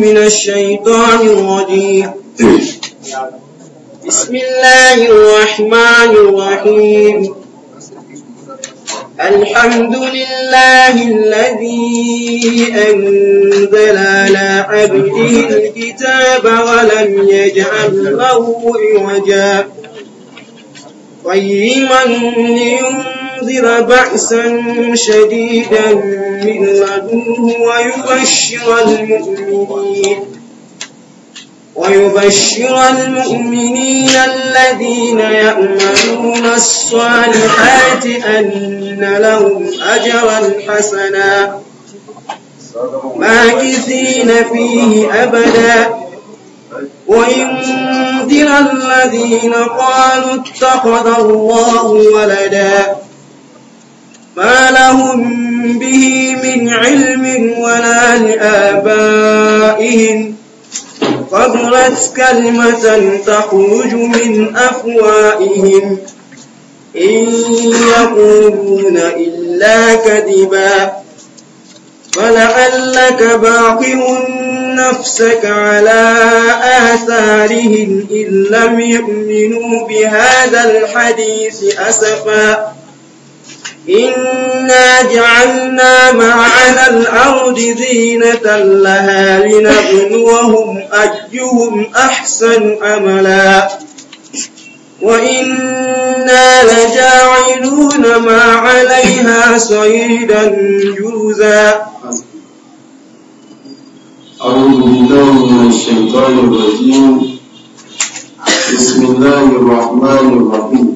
من الشيطان الرجيم بسم الله الرحمن الرحيم الحمد لله الذي أنزل على عبده الكتاب ولم يجعل له عوجا قيما لينذر ينذر بأسا شديدا من لدنه ويبشر المؤمنين ويبشر المؤمنين الذين يأملون الصالحات أن لهم أجرا حسنا ماكثين فيه أبدا وينذر الذين قالوا اتخذ الله ولدا ما لهم به من علم ولا لآبائهم قبرت كلمة تخرج من أفوائهم إن يقولون إلا كذبا فلعلك باقع نفسك على آثارهم إن لم يؤمنوا بهذا الحديث أسفا إنا جعلنا ما على الأرض زينة لها لنبلوهم أجهم أحسن أملا وإنا لجاعلون ما عليها صيدا جوزا أعوذ بالله من الشيطان الرجيم بسم الله الرحمن الرحيم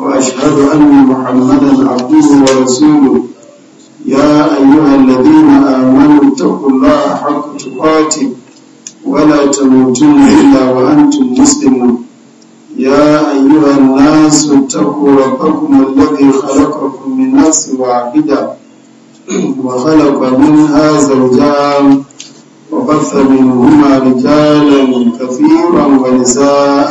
وأشهد أن محمدا عبده ورسوله يا أيها الذين آمنوا اتقوا الله حق تقاته ولا تموتن إلا وأنتم مسلمون يا أيها الناس اتقوا ربكم الذي خلقكم من نفس واحدة وخلق منها زوجان وبث منهما رجالا كثيرا ونساء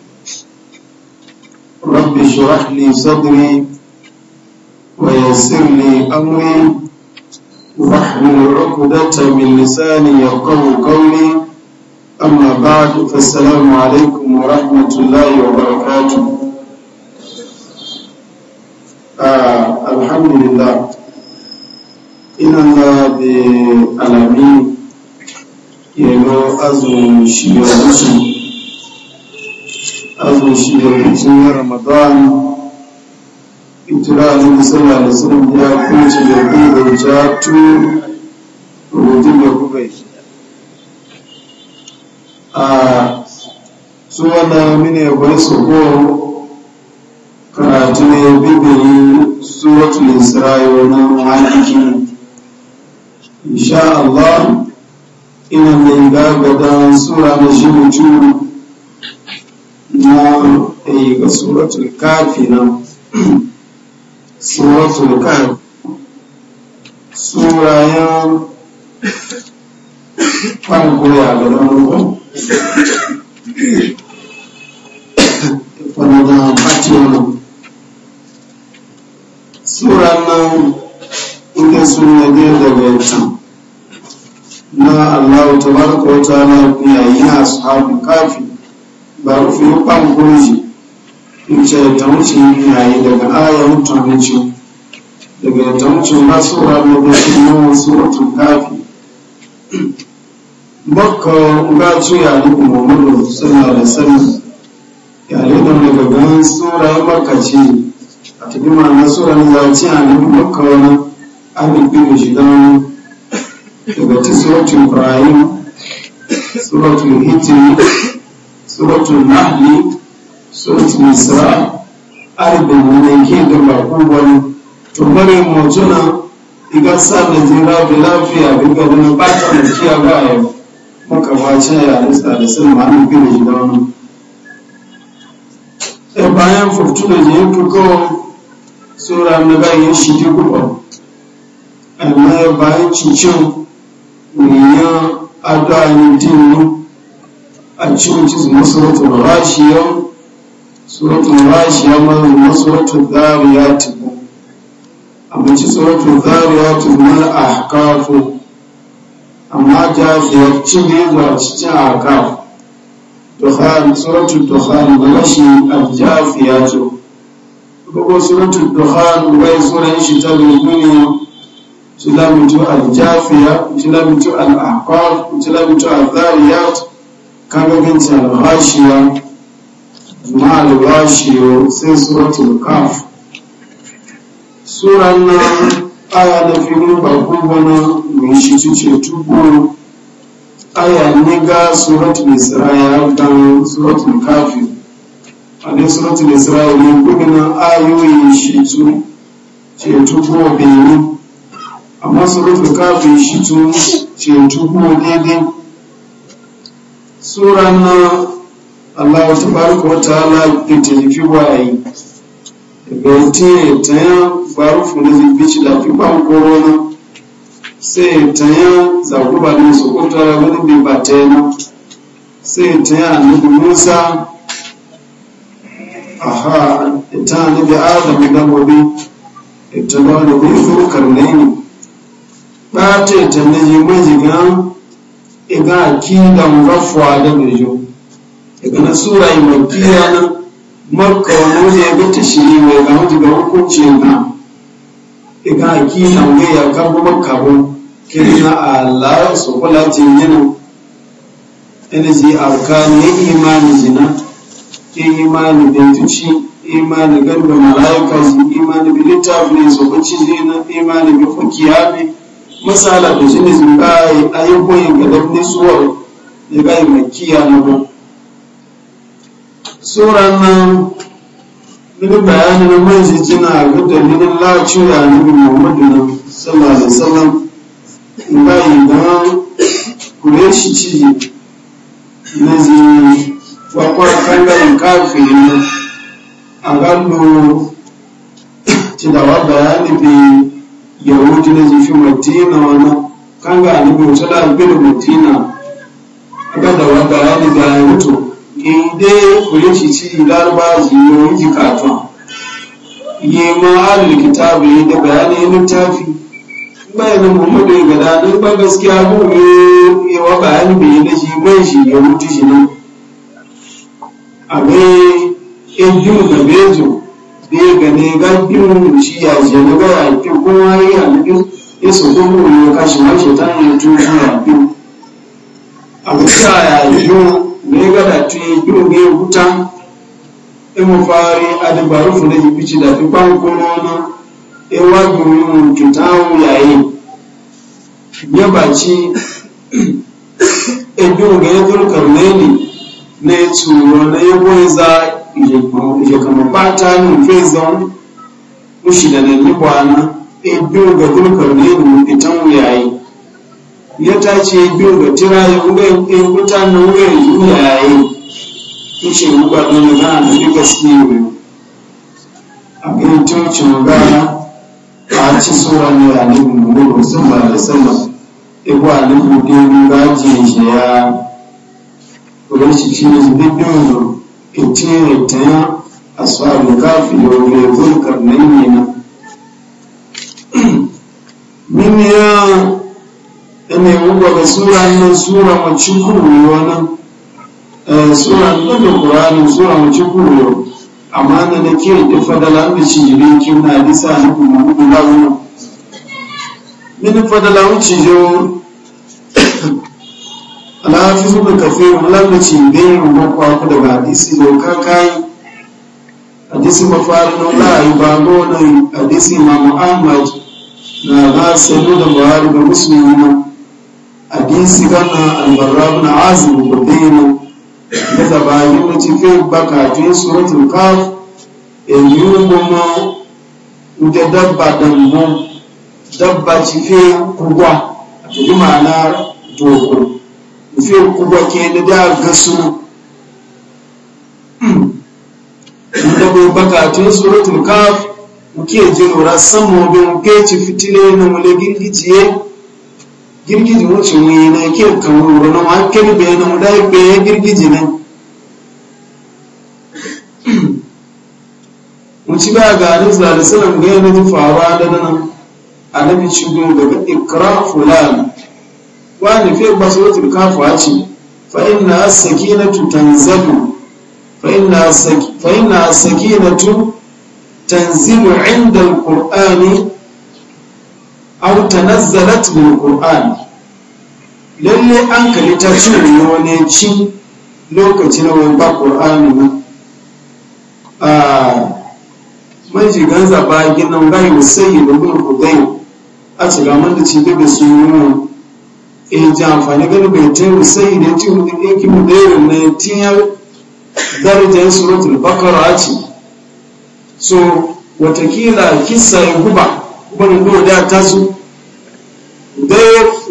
رب اشرح لي صدري ويسر لي أمري واحلل عقدة من لساني يفقه قولي أما بعد فالسلام عليكم ورحمة الله وبركاته آه الحمد لله إن الله بألمين يلو أزم شيوخي azumi shi da rikicin na ramadan itira ne da sallah da sunan ya kunce da kuma da wuce tu rubutun da kuka yi a su wanda mine wani soko karatu ne bibiri suratul isra'i na maliki insha Allah ina mai gagada sura na shi mutum na ga suratul kafi nan suratul kafi surayen da ranuwa fanaga patiyon suran nan inda suna ne daga can na allahu ta wa ta'ala ya yi ashabu Ba rufe kwan gunji. in ce ta wuce yayi daga aya mutane ce daga ta wuce ba su ne da yawan su suratul kafi bakka ga tuya duk muhammadu sallallahu da sani yare da daga ganin sura baka ce a tafi ma'ana sura ne za ci a nan makka wani abin da shi don daga ci suratul ibrahim suratul hijri suratul nahli suratul nisa arbin ne ke da bakon wani to bare mutuna iga sa da jira bi lafiya bi ga wani ba ta mutiya ba yau maka wace ya rista da sun ma'anin gina gida wani e sai bayan furtuna ne ya fi kawo sura bayan shi ji kuɓa amma a cikin cikin suratul rashiya suratul rashiya ma suratul zariyat amma ci suratul zariyat ma ahqafu amma ta ziyarci ne zuwa cikin ahqaf dukhan suratul dukhan rashi al-jafiyat ko suratul dukhan wai suran shi ta duniya tilamutu al-jafiya a al-ahqaf tilamutu al-zariyat kagaganci albashiya na albashiyo sai suratul kaf suran na aya na filin bakon bana mai shi cice tubu aya ne ga suratul isra'il dan suratul kafir a ne suratul isra'il ne na ayoyi shi tu ce tubu benin amma suratul kafir shi tu ce tubu daidai sura na Allah tabaraka wa ta'ala itilifi wayi ya tiye tanya barufu na zibici da fi ba korona sai ya tanya zaguba ne su kuta wani bi ba tayana sai e tanya annabi Musa aha ita e annabi Adam da gobe ita da wani bi furkar ne ba ta ne yi majigan ki da murafwa da bejo daga na sura yi makiya nan makka wani ne ga tashiri mai ga mutu ga hukunci na ki da mai ya kabu makka bu kirina Allah su kula ce yana energy ne imani jina imani dentuci imani garba malaika imani bi littafi ne su kunci jina imani bi hukiya ne masala da shi ne a yi ayyukoyin ga dabni suwar ya ga yi makiya na ba tsoron nan duk bayanin na mai jijina ga dalilin laciya na bi muhammadu na sama da wasallam ga yi don kure shi ciji na zini wakwar kangarin kafin nan a gano cidawa bayani bai yahudi na jifi madina wani kan ga alibi wata da albini madina ga da wanda ya ni da ya mutu in dai kuri ci ci larba ziyo yi katon yi ma alil kitabu yi da bayani littafi bayanin muhammadu ya gada nan ba gaskiya ko yi wa bayani bai da shi bai shi ya shi ne. a bai in yi mu da bejo bai gane ga biyu shi ya je na ga ya fi mu ne ka shi ma shetan ya tu shi ya ne ne fari adabaru fu ne bici da fi kwan kuma na e wa gumi mu kitawu ya ya baci e biyu ga ne za zvekamabata nomufezon mushida nemibwana ebyuga kulikorneni mupitamuyayi yatachi ebyuga tirayo ekutano uyeyiyayi mushengubadoneganaibikasiwe abinto chongana achisoranira nemunhuru sambala sambala ekwanekudengajejeya kulechichino zibidongo ita ta asfalin kafi da wani zurkar na yi na min ya ne wuka ga sura nan sura mace kuruwa nan eh, sura nan da sura fadala da shigire kin na disa na kuma hudu launa min fadala wuce jo alhafiz ibn kafir lalace bai rubu kwa ku daga hadisi da ka kai hadisi mafari na la ibago na hadisi ma ahmad na ga sanu da buhari da muslim na hadisi kana albarra ibn azib da bayna da tabayi wuce fi bakatun suratul kaf eyu kuma da dabba dambu dabba ci fi kugwa a tuji ma'ana dogon fi kuma ke da ga hmm. suna da bai bakatun suratul kaf muke jin ra samu bin ke fitile na mule girgijiye girgiji wuce mu na ke kamar na hankali bai na mudai bai girgiji hmm. ne wuce ba ga rizla da sanan ga yana ji faruwa da nan a nabi shi daga ikra fulani wani fi ba kafa kafu a ce fa inna as-sakinatu tanzalu fa inna as-sakinatu tanzilu inda al-qur'ani aw tanazzalat bil qur'ani lalle an kalita cin wani cin lokacin wani ba qur'ani ne a majigan zaba ginan gayu sai da mun kudai a cikin mun da ci da su yi e ji amfani gani bai ta yi sai ne ci hudu ɗinki mu ɗaya na tiyar darajar suratul bakara ce so watakila kisa ya guba wani kuma da ta su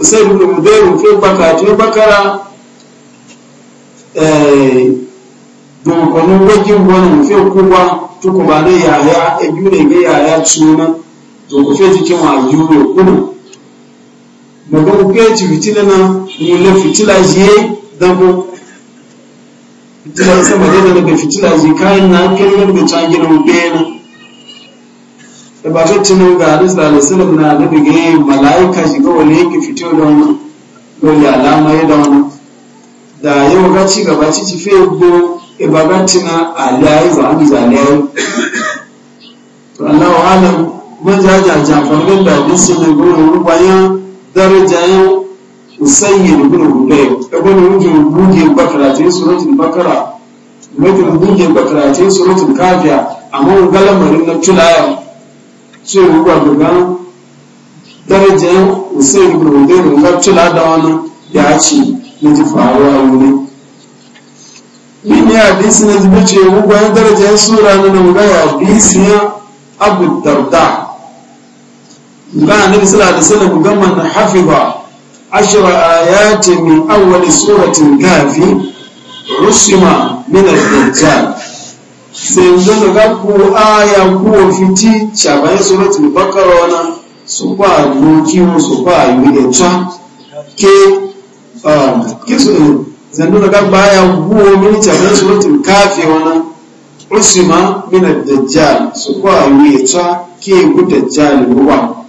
sai da mu ɗaya rufe baka ta bakara dokonin eh, wajen wani rufe kuma tukuba na yaya a biyu ne ga yaya suna to ku fe jikin wa yiwu kudu maka kuke ci fitila na mula fitila je dabo fitila sama da daga fitila je kayan na kallon da ta gina bena da ba ta tuno ga hadis da alisalam na nabi ga malaika shi shiga wani yake fito da wani dole alama ya da wani da yau ga ci gaba ci ci fe go e ba ga tina alai za mu zalai to Allah wa alam mun jaja jafarin da hadisin ne gurin rubayan darajayen musayyar bin hudai ɗagon rugin buge bakaratai suratun bakara rugin buge bakaratai suratun kafiya amma galamarin na tulayen sai ruwa gaban darajayen musayyar bin hudai da ga tula da wani ya ce na ji faruwa wuri yin hadisi na jibi ce ruwa darajayen sura na nan ga hadisi ya abu darda ngana nabi sallallahu alaihi wasallam kama na hafidha ashra ayati min awwal suratin kafi rusima min ad-dajjal senzo ga ku aya ku fiti chaba surati baqara wana sokwa ruki sokwa yidetwa ke um kisu zanzo ga ba aya ku min chaba suratul kafi wana rusima min ad-dajjal sokwa yidetwa ke ku dajjal ruwa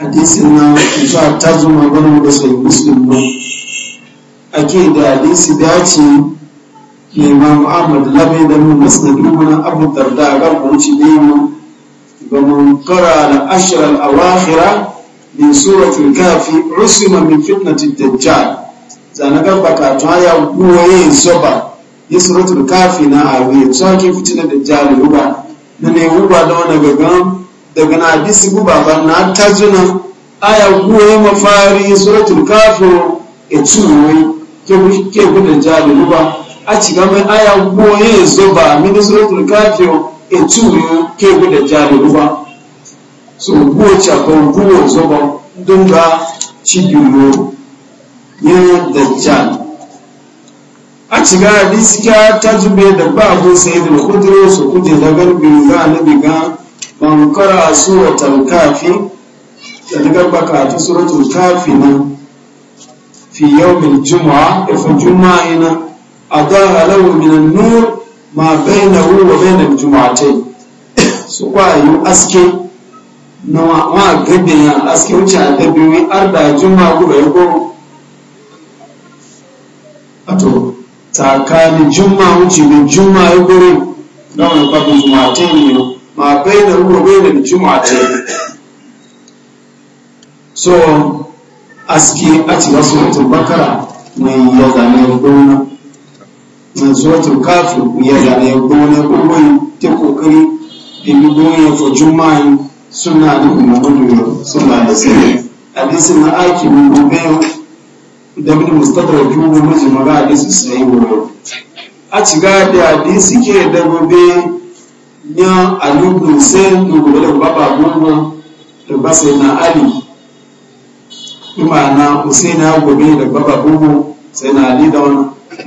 hadisin nan kusa ta zuma ganin da sai muslim ba ake da hadisi dace ce ne ma ahmad labai da mun musnad mun abu darda ga kunci ne mu ga mun qara al ashr al awakhira min surati al kafi usma min fitnati ad dajjal zanaka baka ta ya goye soba ni surati al kafi na awi tsaki fitina dajjal ruba ne ne ruba da wannan gagan daga na hadisi guba ba na tajuna aya guwe mafari suratul kafiro e tuwe ke gudun jari guba a cika mai aya guwe zo ba mini suratul kafiro e tuwe ke gudun jari guba so guwe cakon guwe zo ba don ga cibiyo yin dajjal a cika hadisi ka tajube da ba abin sai da kudiro su kuje da garbi ga anabi ga man qara suratul kafi daga baka ta suratul kafi na. fi yawmin jumu'a fa jumu'a ina adaha lahu min an-nur ma bainahu wa bain al-jumu'atayn su kwayo aske na wa gabe ya aske wuce a dabi arda juma'a guba ya goro ato tsakanin juma'a wuce bin juma'a ya goro na wani kwakwa jumu'atayn ne ma bayna ruwa bayna juma'a ce so aski a cikin suratul bakara ne ya zane gona na suratul kafir ya zane gona gona ta kokari da bi gona fa juma'a suna da muhammadu suna da sai hadisin na aiki mun gobe da bin mustadrak ko maji magana hadisin sai gobe a cika da hadisi ke da gobe ní àyùbùn sí gbogbo da bàbá gbogbo da ba sai na ali imana usaina gobe da bàbá gbogbo sai na ali da wani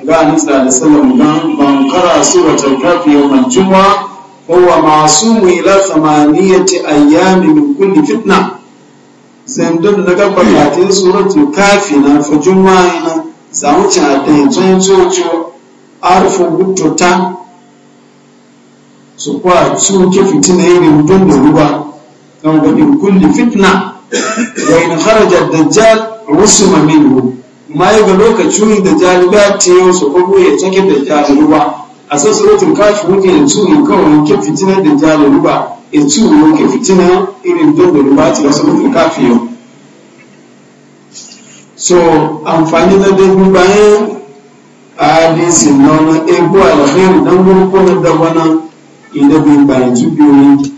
ga anisa da salam gan ban kara suratul kafi yawmal juma'a huwa masumu ila thamaniyati ayyami min kulli fitna sai don na gaba katin suratul kafi na fa juma'a na samu cin adai tsoyin tsoyo arfin guttuta su kwa ciwo ke fitina yi rubutun da ruwa don gudun kulli fitna da yin harajar dajjal rusuma minhu ma yi ga lokacin da jaliba ta yi su kwabo ya take da jaliba a sassurutun kashi wuke ya tuni kawai ke fitina da jaliba ya tuni ke fitina irin don da ruwa ta sassurutun kafi yau so amfani na dabi bayan a hadisin na wani ego alheri dan gurkunan da wani inda bai bayanci biyoyi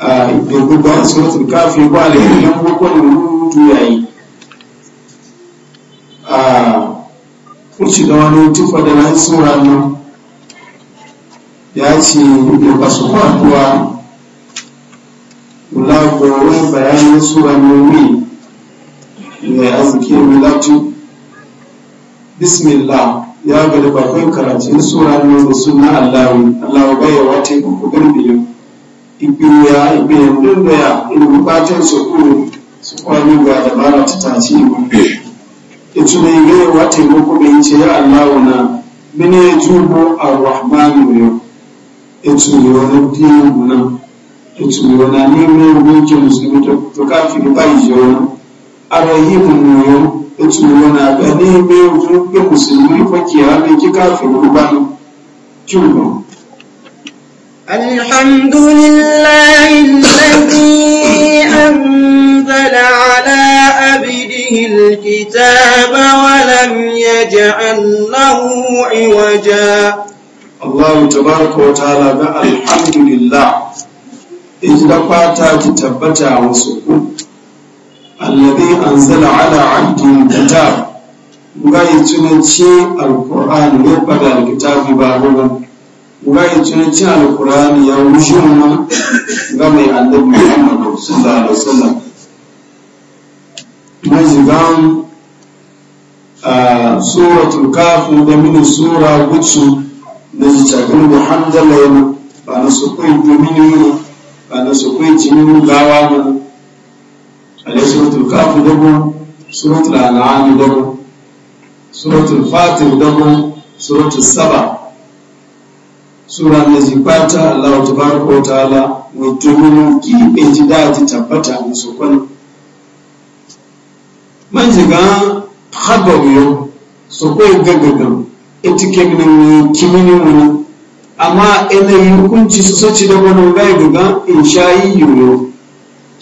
a ah, da gudun suratul kafi ba da yan gwakwan rubutu yayi a ah, kuci da wani tufa da sura nan ya ce da ba su kwaduwa wani bayanin sura nan ne mai arziki mai latu bismillah ya gari ba kai karatu sura ne da sunna Allahu Allahu bai ya wata ku gani biyu ibiyu ya ibiyu din da ya ina bukatun su ku su kwani ga dabara ta tashi mu ita ne ga wata ku gani ce ya Allahu na mini jubu arrahman yo ita ne wani din na ita ne wani ne mai gojin musulmi to kafi bai jona ara yi bunyoyo otu uwe na abịa n'ime ofu ekwesịrị ịkwaki ya na ikike afọ ụgbọala jụrụ الحمد لله الذي أنزل على أبده الكتاب ولم يجعل له عوجا الله تبارك وتعالى الحمد لله إذ لقاتا تبتع وسكوت alladhi anzala ala abdihi kitab ngai tunanci alqur'ani ne pada alkitabi ba ruwan ngai tunanci alqur'ani ya rushe mu ga mai annabi Muhammad sallallahu alaihi wasallam a suratul kafin da mini sura gutsu da ji cagin da hamdala yana ba na su kai domini ba na su kai jinin gawa mana alẹ́ suratul káfù dọ́gbọ́n suratul àlàánú dọ́gbọ́n suratul fatir dọ́gbọ́n suratul sábà sura na zipata allahu tabaraka wa ta'ala mai tuminu kiɓe ji daji tabbata musu kwani man shiga haɓar su kai gaggagan ita keminin kiminin wani amma yanayin hukunci su sace da wani in shayi yoyo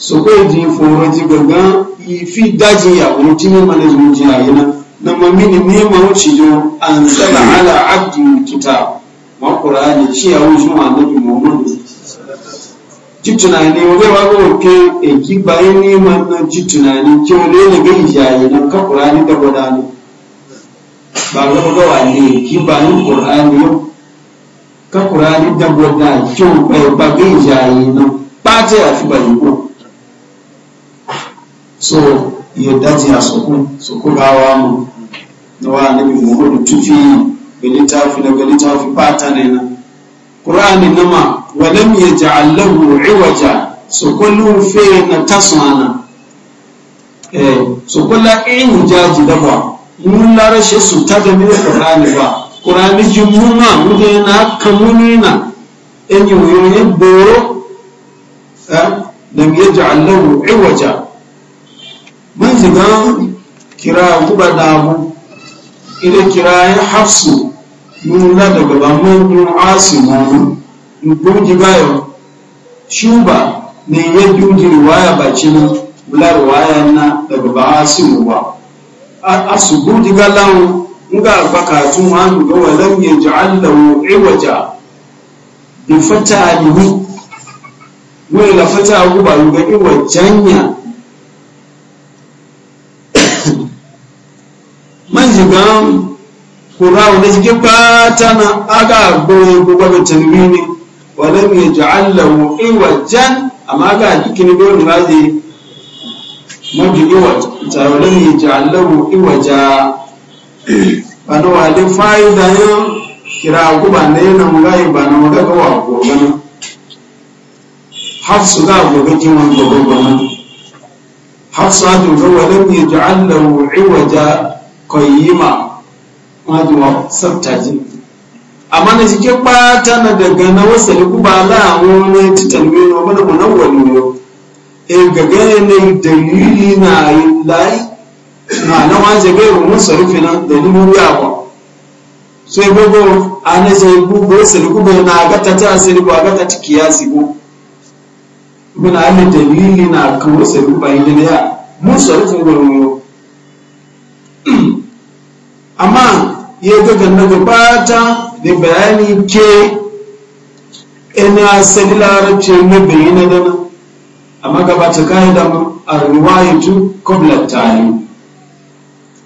Soko ji foro ji gangan fi daji ya wuci ne mana zuci ya yi nan na mamini ne ma wuci jo an sala ala abdi kitab wa qur'ani ci ya wuci ma annabi muhammad ji tunani wa ba ko ke e ki bayin ne ma na ji tunani ki wale ne ga ijayi nan ka qur'ani da wadani ba ga ga wani ki bayin qur'ani ka qur'ani da wadani ki ba ga ijayi nan ba ta ya ba bayin ko so yadda ji a soko soko gawa mu na wa annabi muhammadu tufi ga littafi na ga littafi bata ne na qur'ani nama walam yaj'al lahu iwaja soko lufe na tasana eh soko la in jaji da ba mun la rashe su ta da mu qur'ani ba qur'ani jumma mu da na kamunina en yoyo ne boro eh lam yaj'al lahu iwaja man zigan kira guba damu ila kira ya hafsu nuna daga bamun yin asimu nubun jibayo shuba ne ya dunji riwaya baci na bula riwaya na daga ba asimu ba asubu diga lawo nga bakatun hannu ga walam ya ja'al lahu iwaja bi fata alihi wani la fata guba ga iwajanya gan kura wanda jike bata na aga goyi gaba ga tanwini walam yaj'al lahu iwajan amma ga kini do ni raje magi iwaj ta walam yaj'al lahu iwaja bana wale faida yo kira ku bana yana mugai bana muga ga wa ko har hafsu ga gobe kiman gobe har hafsu ga walam yaj'al lahu iwaja qayyima majuwa sabtaji amma na cikin bata na daga na wasali kuba la wani titalmi wa bana kuna wani yo e gaga ne dalili na layi na na waje ga mu sarufi na dalilin ya ba so gogo ana je gogo ku kuba na ga ta ta sai ba ga ta kiyasi go muna ne dalili na kan wasali kuba yin ya mu sarufi go amma ya gaga na gabata da bayani ke ina asali larabci na bayyana dana amma gabata ka'ida a tu kobla tayi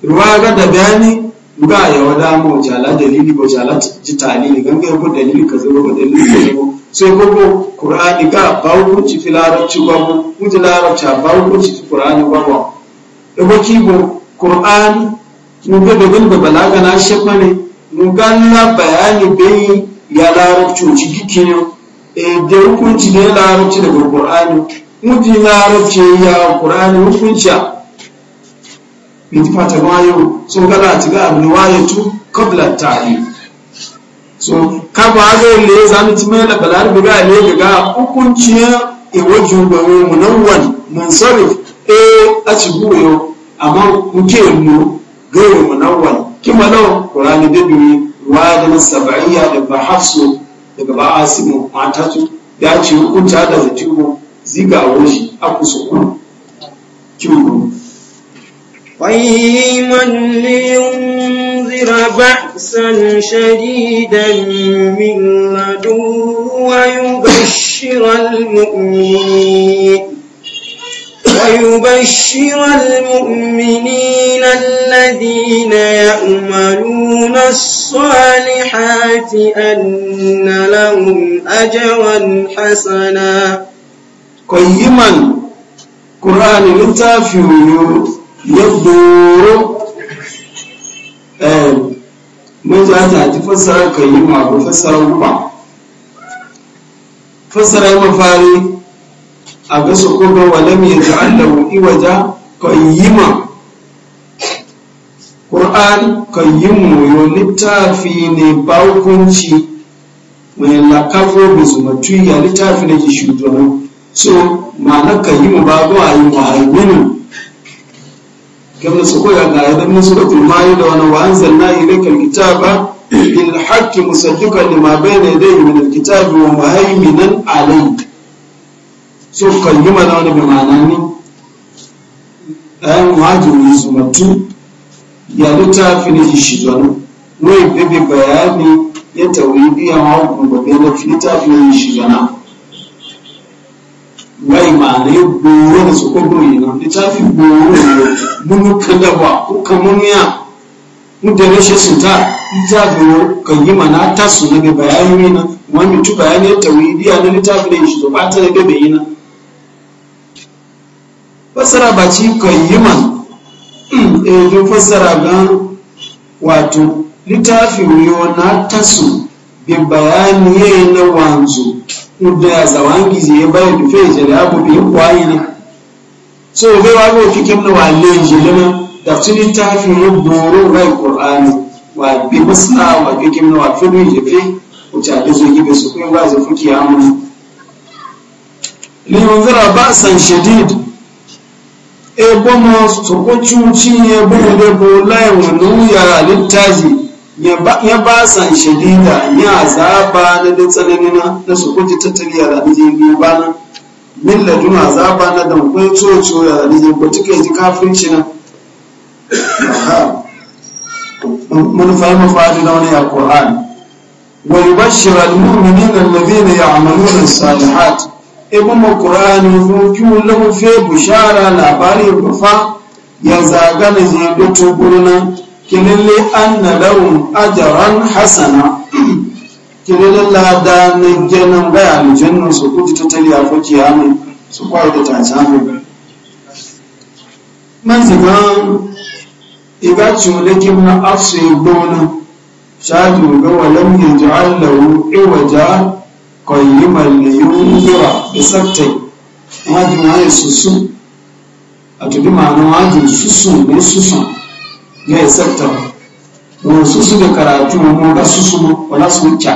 riwaya ga da bayani ga ya wada mu jala dalili ko jala ji talili ganga ko dalili kaza ko dalili kaza sai ko qur'ani ga ba hukunci fi larabci ba mu ji larabci ba hukunci fi qur'ani ba ba da ko kibo qur'ani nuga dogon ba balaga na shafa ne nuga na bayani bai ya larabci oci kike ne eh, da hukunci ne larabci daga ƙur'ani muji larabci ya ƙur'ani hukunci a bai fata wayo so gana ci ga abin waye tu kabla yi so ka ba ga le zan ci mai da balaga ga le ga hukunci ya iwaju ba mu munawwan sarif e eh, a ci buyo amma muke mu غير منول كما لو قران دبي وادن السبعيه دبا حفصو دبا عاصم ماتاتو داچي كنتا da zatiwo ziga woshi akusu kiwo قيما لينذر بأسا شديدا من لدنه ويبشر المؤمنين ويبشر المؤمنين الذين يعملون الصالحات أن لهم أجرا حسنا قيما قرآن لتافي يبدو manja ta ji fassara kan yi ma ko fassara kuma fassara mafari a ga su kuma walam ya ta'allahu kur'ani kayyima qur'an qayyimu yo littafi ne ba hukunci mai lakafo bi zumatu ya littafi ne ke shugaba so ma'ana qayyimu ba ko yi ayi muhaiminu kamar su koya ga yadda mun suka tulmayi da wani na anzalna ilayka kitaba bil haqqi musaddiqan lima bayna yadayhi min alkitabi wa muhaiminan alayhi so kayyuma na wani bi ma'ana ni ɗayan wajen zumatu ya littafi na shi zanu wai bebe bayani ya tauri biya mawagun babe na littafi na shi zana wai ma'ana ya goro da su kogo yi na fi goro ne munu kada ba ko kamun ya mutane shi sun ta littafi kayyuma na tasu na bi bayani na wani mutu bayani ya tauri biya na littafi na shi zanu ba ta da bebe yi na fassara ba ci kayyuman hmm, e eh, do fassara ga wato littafin yo na tasu bi bayani yayi na wanzu kuda ya zawangi ya bai da feje da abu bi kwayi na so ga wa go fikem na wale je lana tafsirin littafin yo boro rai qur'ani wa bi masna wa fikem na wa fidu je fi uta da zo gibe su kuma ba zai fuki amana li ba san shadid eboma sokocuci eboma debo laiwa nuya littaji ya ba san shadida ya zaba na da tsananina na sokoci tattali ya zani jirgin bana min ladun azaba na da kwai coco ya zani jirgin tuka ji kafirci na mun fahimta fa'adu na wani alquran ibn qur'ani rujun lahu fi bushara labari rufa ya zaga na je doto gurna kilille anna lahum ajran hasana kilille lada na janan bai aljannu su kuji tattali a fuki hannu su kwaye da ta tacamu man zigan igaci wadaki na afsu ya gona shaji ga walam ya ji'allahu iwaja qayyiman li yunzira bi saktai wajen ma ya susu a tubi ma'ana wajen susu ne susu ya yi sakta mu susu da karatu mu ga susu mu wala su kya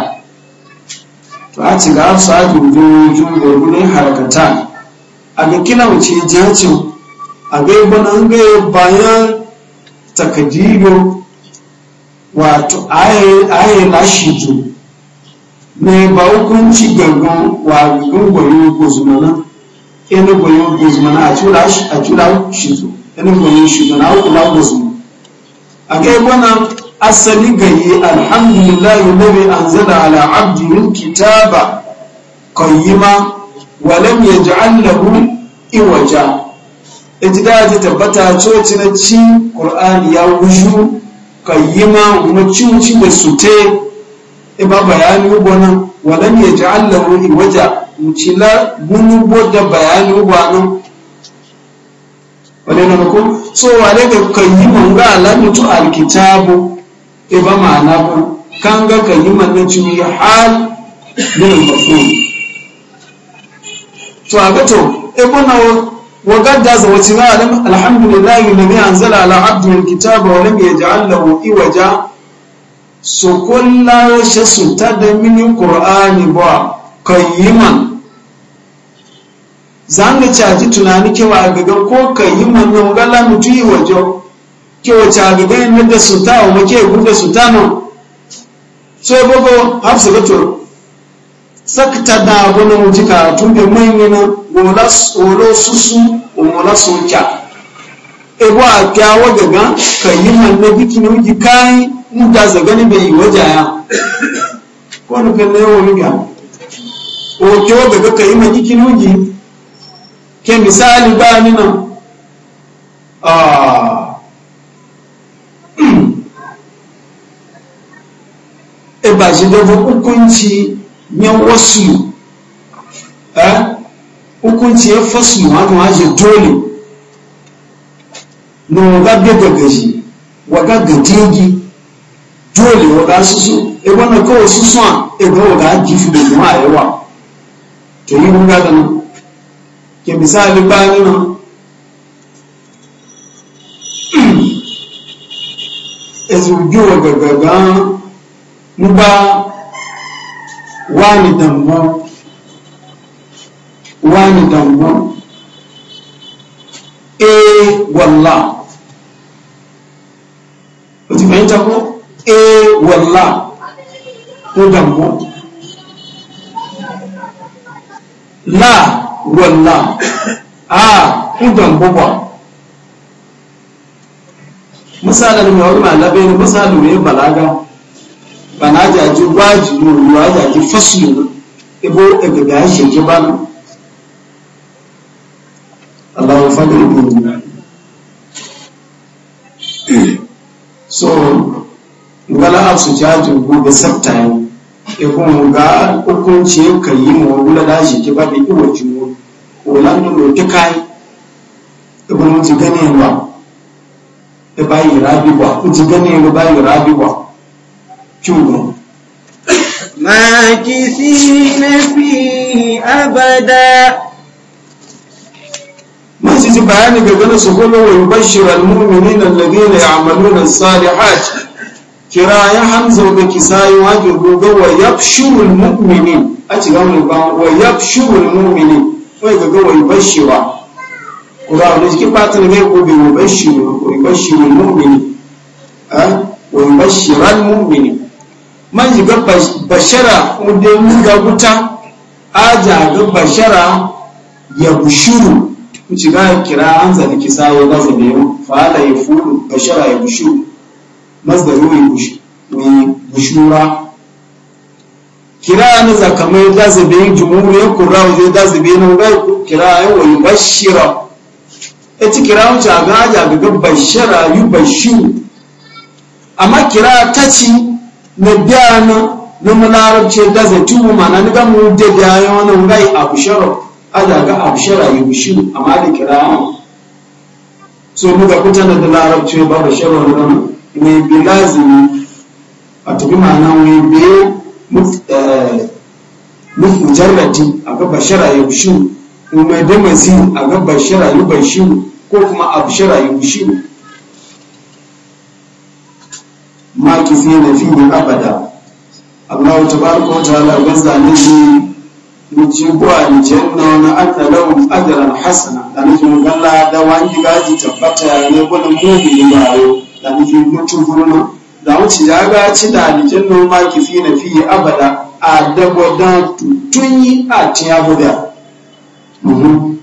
to a ci ga su aji jujun gurgurin harakata a ga kila wuce jacin a ga ibon an gaya bayan takadido wato ayi lashi ju ne ba hukunci gangan wa gungun gozuma nan ene gungun gozuma na a cura shi zo ene gungun shi zo na kula gozuma a kai wannan asali gaye alhamdulillah nabi anzala ala abdihi kitaba qayyima wa lam yaj'al lahu iwaja da ta tabbata coci na ci qur'ani ya wushu qayyima kuma cin da sute ba bayani ubo nan walam ya ji allahu in waja mucila gunu bo da bayani ubo nan wani nan ko so wale ga kayi ga alamu to alkitabu e ba ma'ana ba kan ga kayi manna ci ya hal din ba ko to aga to e ba na wa gadda za wa ci alhamdulillahi alladhi anzala ala abdihi alkitaba walam ya ji allahu i waja Su kulla yaushe su ta da mini ƙur'ani ba kayyiman za ga caji tunani kewa gaga ko kayyiman yau gala mutu yi wajo kewa caji ga yin da su ta wa make gudu su ta nan so ya gogo hafsa gato sakta da wani mutu karatu da manyan gola su susu umola soja ebo a kyawa gaga kayyiman na bikin wiki kayan nígbà sọ̀gọ́ni bẹ ìwọ́ jàyà wọ́n ní pẹ̀lú ẹwọ́ nígbà òkè ó bẹ̀rẹ̀ kẹ̀yí mọ̀ kíkí ní òjì kí misali bá nínà ẹ bá ṣe dọ́fọ́ hukunci yẹn wọ́sù ẹ́ eh? hukunci yẹn fọ́sù wọn wọ́n ṣe dole ní wọ́n bá gbé gàgàjì wọ́n bá dole wọ̀gá súsú ẹgbọ́n náà kó súsú à ẹgbọ́n wọ̀gá jí fi lè mọ́ àyẹ̀wà tòyí wọ́n gbádùn kèmísà lè bá nínú ẹ̀sùn ojú wọ̀ gàgàgà nígbà wà ní wà ní ee o ti fẹ́ ń jẹ́ kó. eh walla ko dambo la walla a ah, ko dambo ba misalin mai wani malabe ne misalin mai balaga bana jaji gwaji ne ruwa jaji fasli ne ibo daga gashi ke ba nan Allah ya faɗi ibo so ngala asu jaju go da sabtayo e kuma ga hukunci ka yi mu wula da shi ke babu iwa juwo olan no te kai e kuma ti gane wa e bayi rabi wa ti gane wa bayi rabi wa kyugo ماكثين فيه أبدا نسيت بيانك قال سبحانه ويبشر المؤمنين الذين يعملون الصالحات kiraya hamza da kisayi wajen gobe wa shirin mu'mini a cikin mu ba wa yafshurul mu'mini wai ga ga wai bashiwa kura da ba batin ne ko bi wa bashiru wa bashirul mu'mini a wa bashiral mu'mini man ji ga bashara mu da mu ga guta aja ga bashara ya bushuru mu ci ga kira hamza da kisayi da zabe fa la yafulu bashara ya bushuru masdaru mai bushura kira na zakamai da zabe jumuru ya kura waje da zabe na ga kira yi wani bashira ya e ci kira wuce a gaja ga bashira yu bashu amma kira ta ci na biya na na malarabce da zai tubu mana ni gamu da biya ya wani gai abu shara a daga a shara yu bashu amma da kira so muka kuta na da larabce ba da shara wani webe lazimi wato bi ma'ana webe eh, mujarradi a ga bashara ya bishu mai da mazi a ga bashara ya bishu ko kuma a bashara ya bishu ma ki fi na fi ne abada Allah wata baraka wa ta'ala ga zane shi mujibu aljanna na anna lahum ajran hasana dan mun galla da wani gaji tabbata ne gudun mu'mini ba yau da mafi mutum da wuce ya ga ci da alikin noma ki fi na fiye abada a dagwada tun yi a cin abubuwa mhm.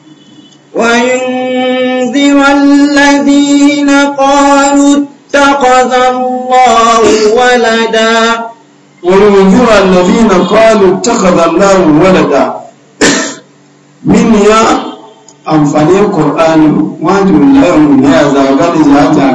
وينذر الذين قالوا اتخذ الله ولدا وينذر الذين قالوا اتخذ الله ولدا من يا ya da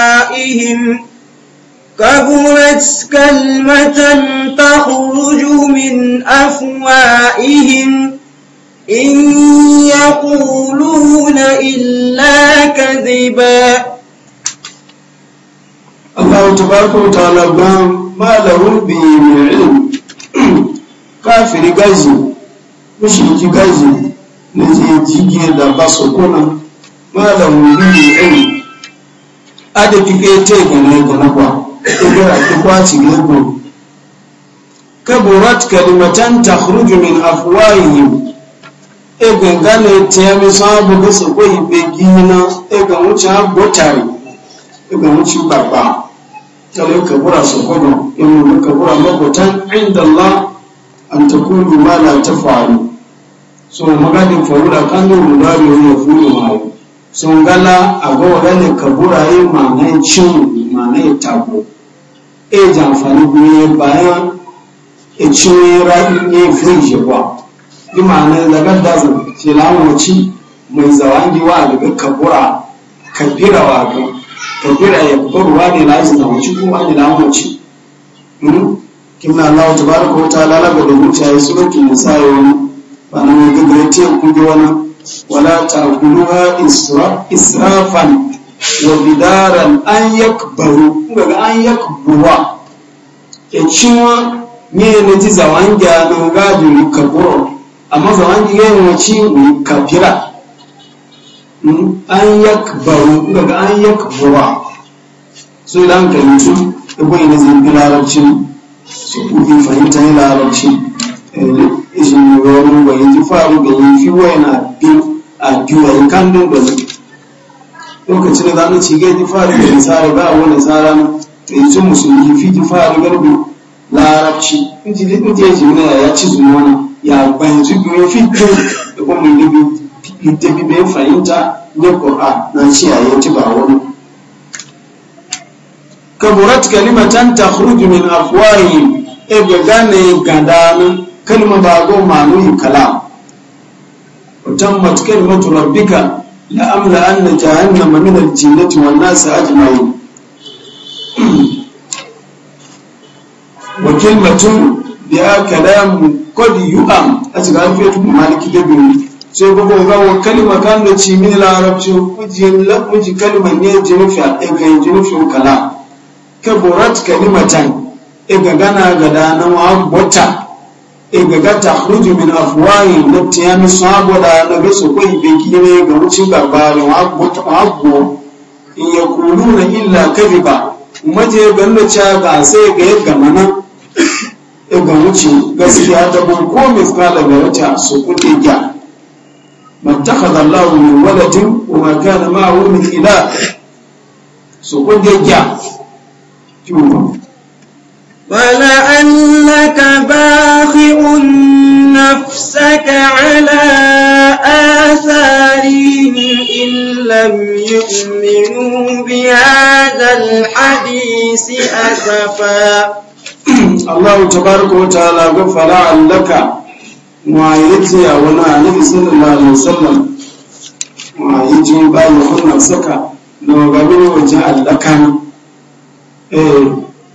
بهم كبرت كلمة تخرج من أفوائهم إن يقولون إلا كذبا الله تبارك وتعالى ما له به من علم كافر غزي مشرك غزي نزيد جيجي دبا سكونا ما له به من علم adịghị ete egwene ego nakwa ebera ịkwachi n'ugwu kaburat kalimatan takhruju min afwahihim ego nga na-ete ya meso abụ goso gị na ego nwụchi agbụtarị ego nwụchi gbagba tare kabura sokono inu kabura mabutan inda Allah an takunu ma la so magadi faula kan da wuri da yau ya furu mai sun gala agowa gane kaburaye manayin cin manayin tago e ji amfani gune bayan e cin ra'in e firje ba yi manayin zagar dazin ce lamoci mai wa daga kabura kabira wa ga kabira ya kaburwa ne laji zamanci kuma ne lamoci hmm? kimna Allah tabaraka wa ta'ala laga da yi suratul nisa yau ba nan ga gare ya ku wani ولا تأكلوها إسرافا وبدارا أن يكبروا أن يكبروا يتشوى nyene ti zawanja na ugaji ulikaburo amma zawanji gani wachi ulikabira an yakbaru daga an yakbura so idan ka mutu da bai na zirgin larabci su kuɗi fahimta ne larabci ìṣòro lokacin da zanen ci gai fara da nasara ba wani yanzu musulmi fi garbi larabci inji ya ci ya fi da kuma bayan fahimta ne ƙura na ci a yanci ba wani kaburat kalimatan ta min ebe gane gadanin kalma ba go manu kalam وتمت كلمة ربك لأملأن جهنم من الجنة والناس أجمعين وكلمة بها كلام قد يؤم أتقال في مالك دبري sai kuma ga wa kalma kan da ci min larabci kujin la ji kalma ne jinufi a e ga jinufi kala ka borat kalimatan e ga gana ga wa bota igaga ta hurju min afuwayi na tiyami saboda na bi su kwai biki ne ga wucin labarin waggo in ya kulu na illa kariba maje ganda ca ga sai ga yadda mana ga wuce gaskiya ta ban da wata su kuɗe ya mattakhadha Allahu min waladin su ولعلك باخع نفسك على آثارهم إن لم يؤمنوا بهذا الحديث أسفا الله تبارك وتعالى فلعلك وعيتي ونا النبي صلى الله عليه وسلم وعيتي بايخ سكا لو قبل وجاء لك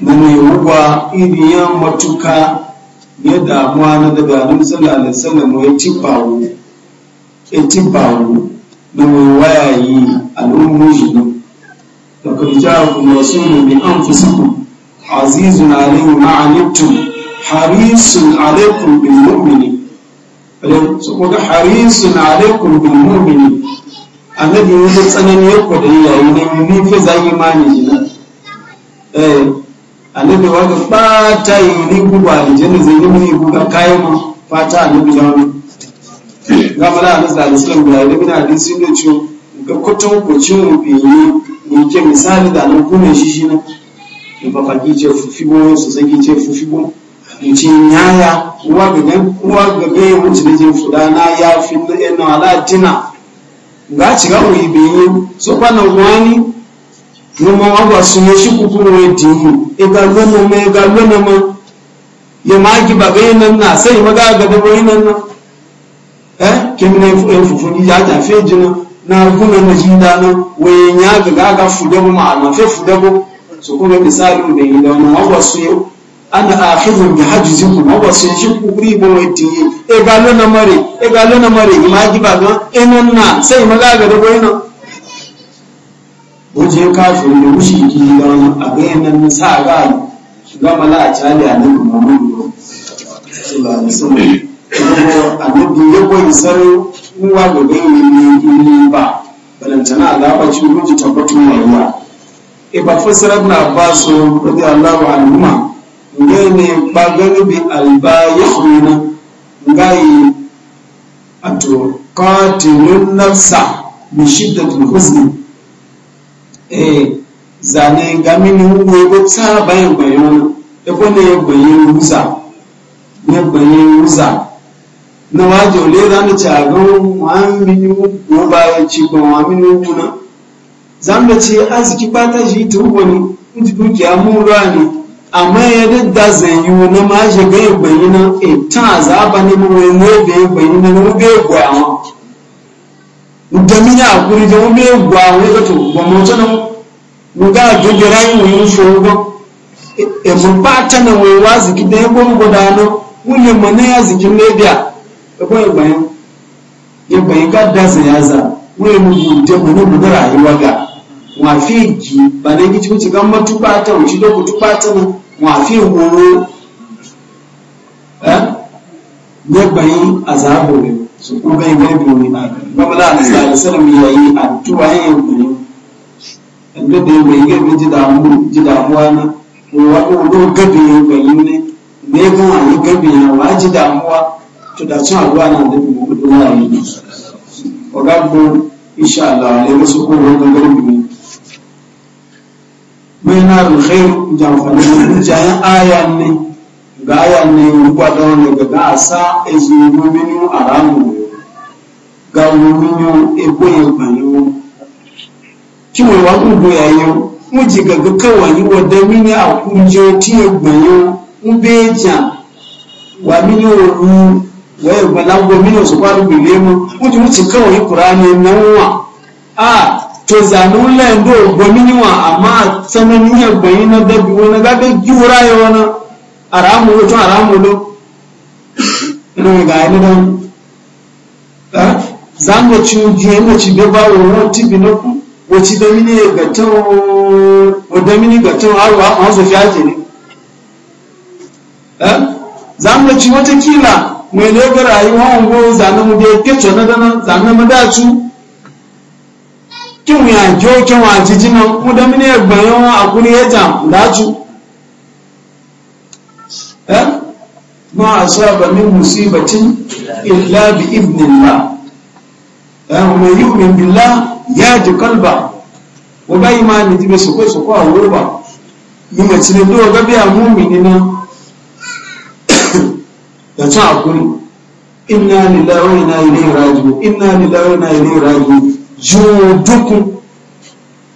na mai wuwa iriyan matuka ya damuwa na daga nan sallallahu alaihi wasallam ya ci faru ya ci faru na mai wayayi al'ummu jini da ku kurja kuma rasulun bi anfusikum azizun alaihi ma'anittum harisun alaikum bil mu'minin su kuka harisun alaikum bil mu'minin annabi ya tsanani ya kwadayi yayin ne mun fi zagi mani jina annabi wa ba ta yi ni guba aljanna zai yi mini guga kayan mu fata annabi da wani ga mala annabi da islam da annabi na hadisi ne ce ga kotun ko cin rufe ne mun ke misali da annabi kuma shi shi ne in ba faki ce fufi bo su sai ce fufi bo in ce nyaya uwa ga ne uwa ga ga mun ci ne fuda na ya fi e na ala dina ga ci ga uyi biyu so kwanan wani noma wagwa su ne shi kuku ne dimu ega lona ma ega lona ma ya magi ba ga yinan na sai maga ga da ba yinan na eh kemi ne fufu ni ya ta fe jina na guna na jinda na waye nya ga ga ga fude mu ma na fe fude mu so ko misali da yi da wannan wagwa su yau ana akhidhu bi hajzikum wagwa su shi kuku ri bo dimu ega lona mare ega lona mare magi ba ga enan na sai maga ga da ba yinan wajen kafin da mushiki don a bayanan na sa ga gama la a cali a nan kuma mun alaihi wasallam kuma annabi ya koyi saro uwa da gani ne ne ba balantana alaba ci ruji tabbatun rayuwa e ba fasara ibn abbas allahu anhu ne ne ba gani bi albayyuna ngai ato qatilun nafsa bi shiddatil huzni eh zane ga mini hugo ego tsara bayan bayan wani ko ne ya bayi wuza ne bayi na waje ole za mu ma a gan wa mini hugo mini na za mu shi ta hugo ne in ji dukiya amma ya dadda zanyi wani ma ga ya na e ta za ba mu wani ne na na mu ga ntamini akuri de wo bee gua wòle kò tó gbọmọtò na Mu ga adodora yi wòye nfo e, wò efu paata na wòye wò azigi de ebo mo ano. no wòye mo ne azigi mo ebi a ebo egbanyi egbanyi ka da zan ya za wòye mo bu da mu ne mu dara ayiwa ga wọn afi eji bana ebi tí mo ti ka mo tu paata wò ti do ko Mu paata na wọn afi ewuro ẹ ne su kuma yin gari gobe gwamna a tsari salam ya yi addu'a ya yi gari inda da bai gari ji damu ji damuwa na wani wani gabi ya bayi ne ne kan a yi gabi na wa ji damuwa to da cin addu'a na da mu kudu na yi ne wa gabbo insha Allah ne wasu kuma wani gari gobe mai na alkhairu jamfani jayan aya ne gawa ne rukwata wani ga ga sa ezu minu aramu ga muminu ebo yagbanu kí wọn wá gbogbo ẹyọ wọn jì gàgà káwọn yìí wọn dẹ mí ní ti tí ẹgbẹyọ ń bẹ jà wà mí ní òru wọ ẹgbẹ lágbo mí ní òṣùpá rẹ mu wọn jì kura ní ẹnà a a tòzànú lẹ́ẹ̀dọ́ ògbọ́n mí níwọ̀n àmọ́ àtẹnumíyàn gbẹ̀yìn náà dẹ́bi wọn náà ga júwọ́ra yẹn wọn náà. aramu lo tún aramu lo inú ìgbà ẹni náà zango tí ba di ẹmọ tí bẹ ku, wò wọn tí bínú kú wò tí dẹmí ní gbẹtàn wò dẹmí ní gbẹtàn àrò àwọn sòfin àjẹ ni zango tí wọn ti kíla mo ilé gbẹrẹ ayé wọn ń gbó zango mu bẹ na dandan zango mu dáa tú kí wọn àjọ kí wọn àjíjí náà mo dẹmí ní ẹgbẹrún àkúnyẹjà da tú. ma asaba min musibatin illa bi idnillah man yu'min billah yahdi qalba wa ba imani tibe sokwe ba awurba ma tire do ga bi amumini na da ta akuri inna lillahi wa inna ilaihi raji'un inna lillahi wa inna ilaihi raji'un judukun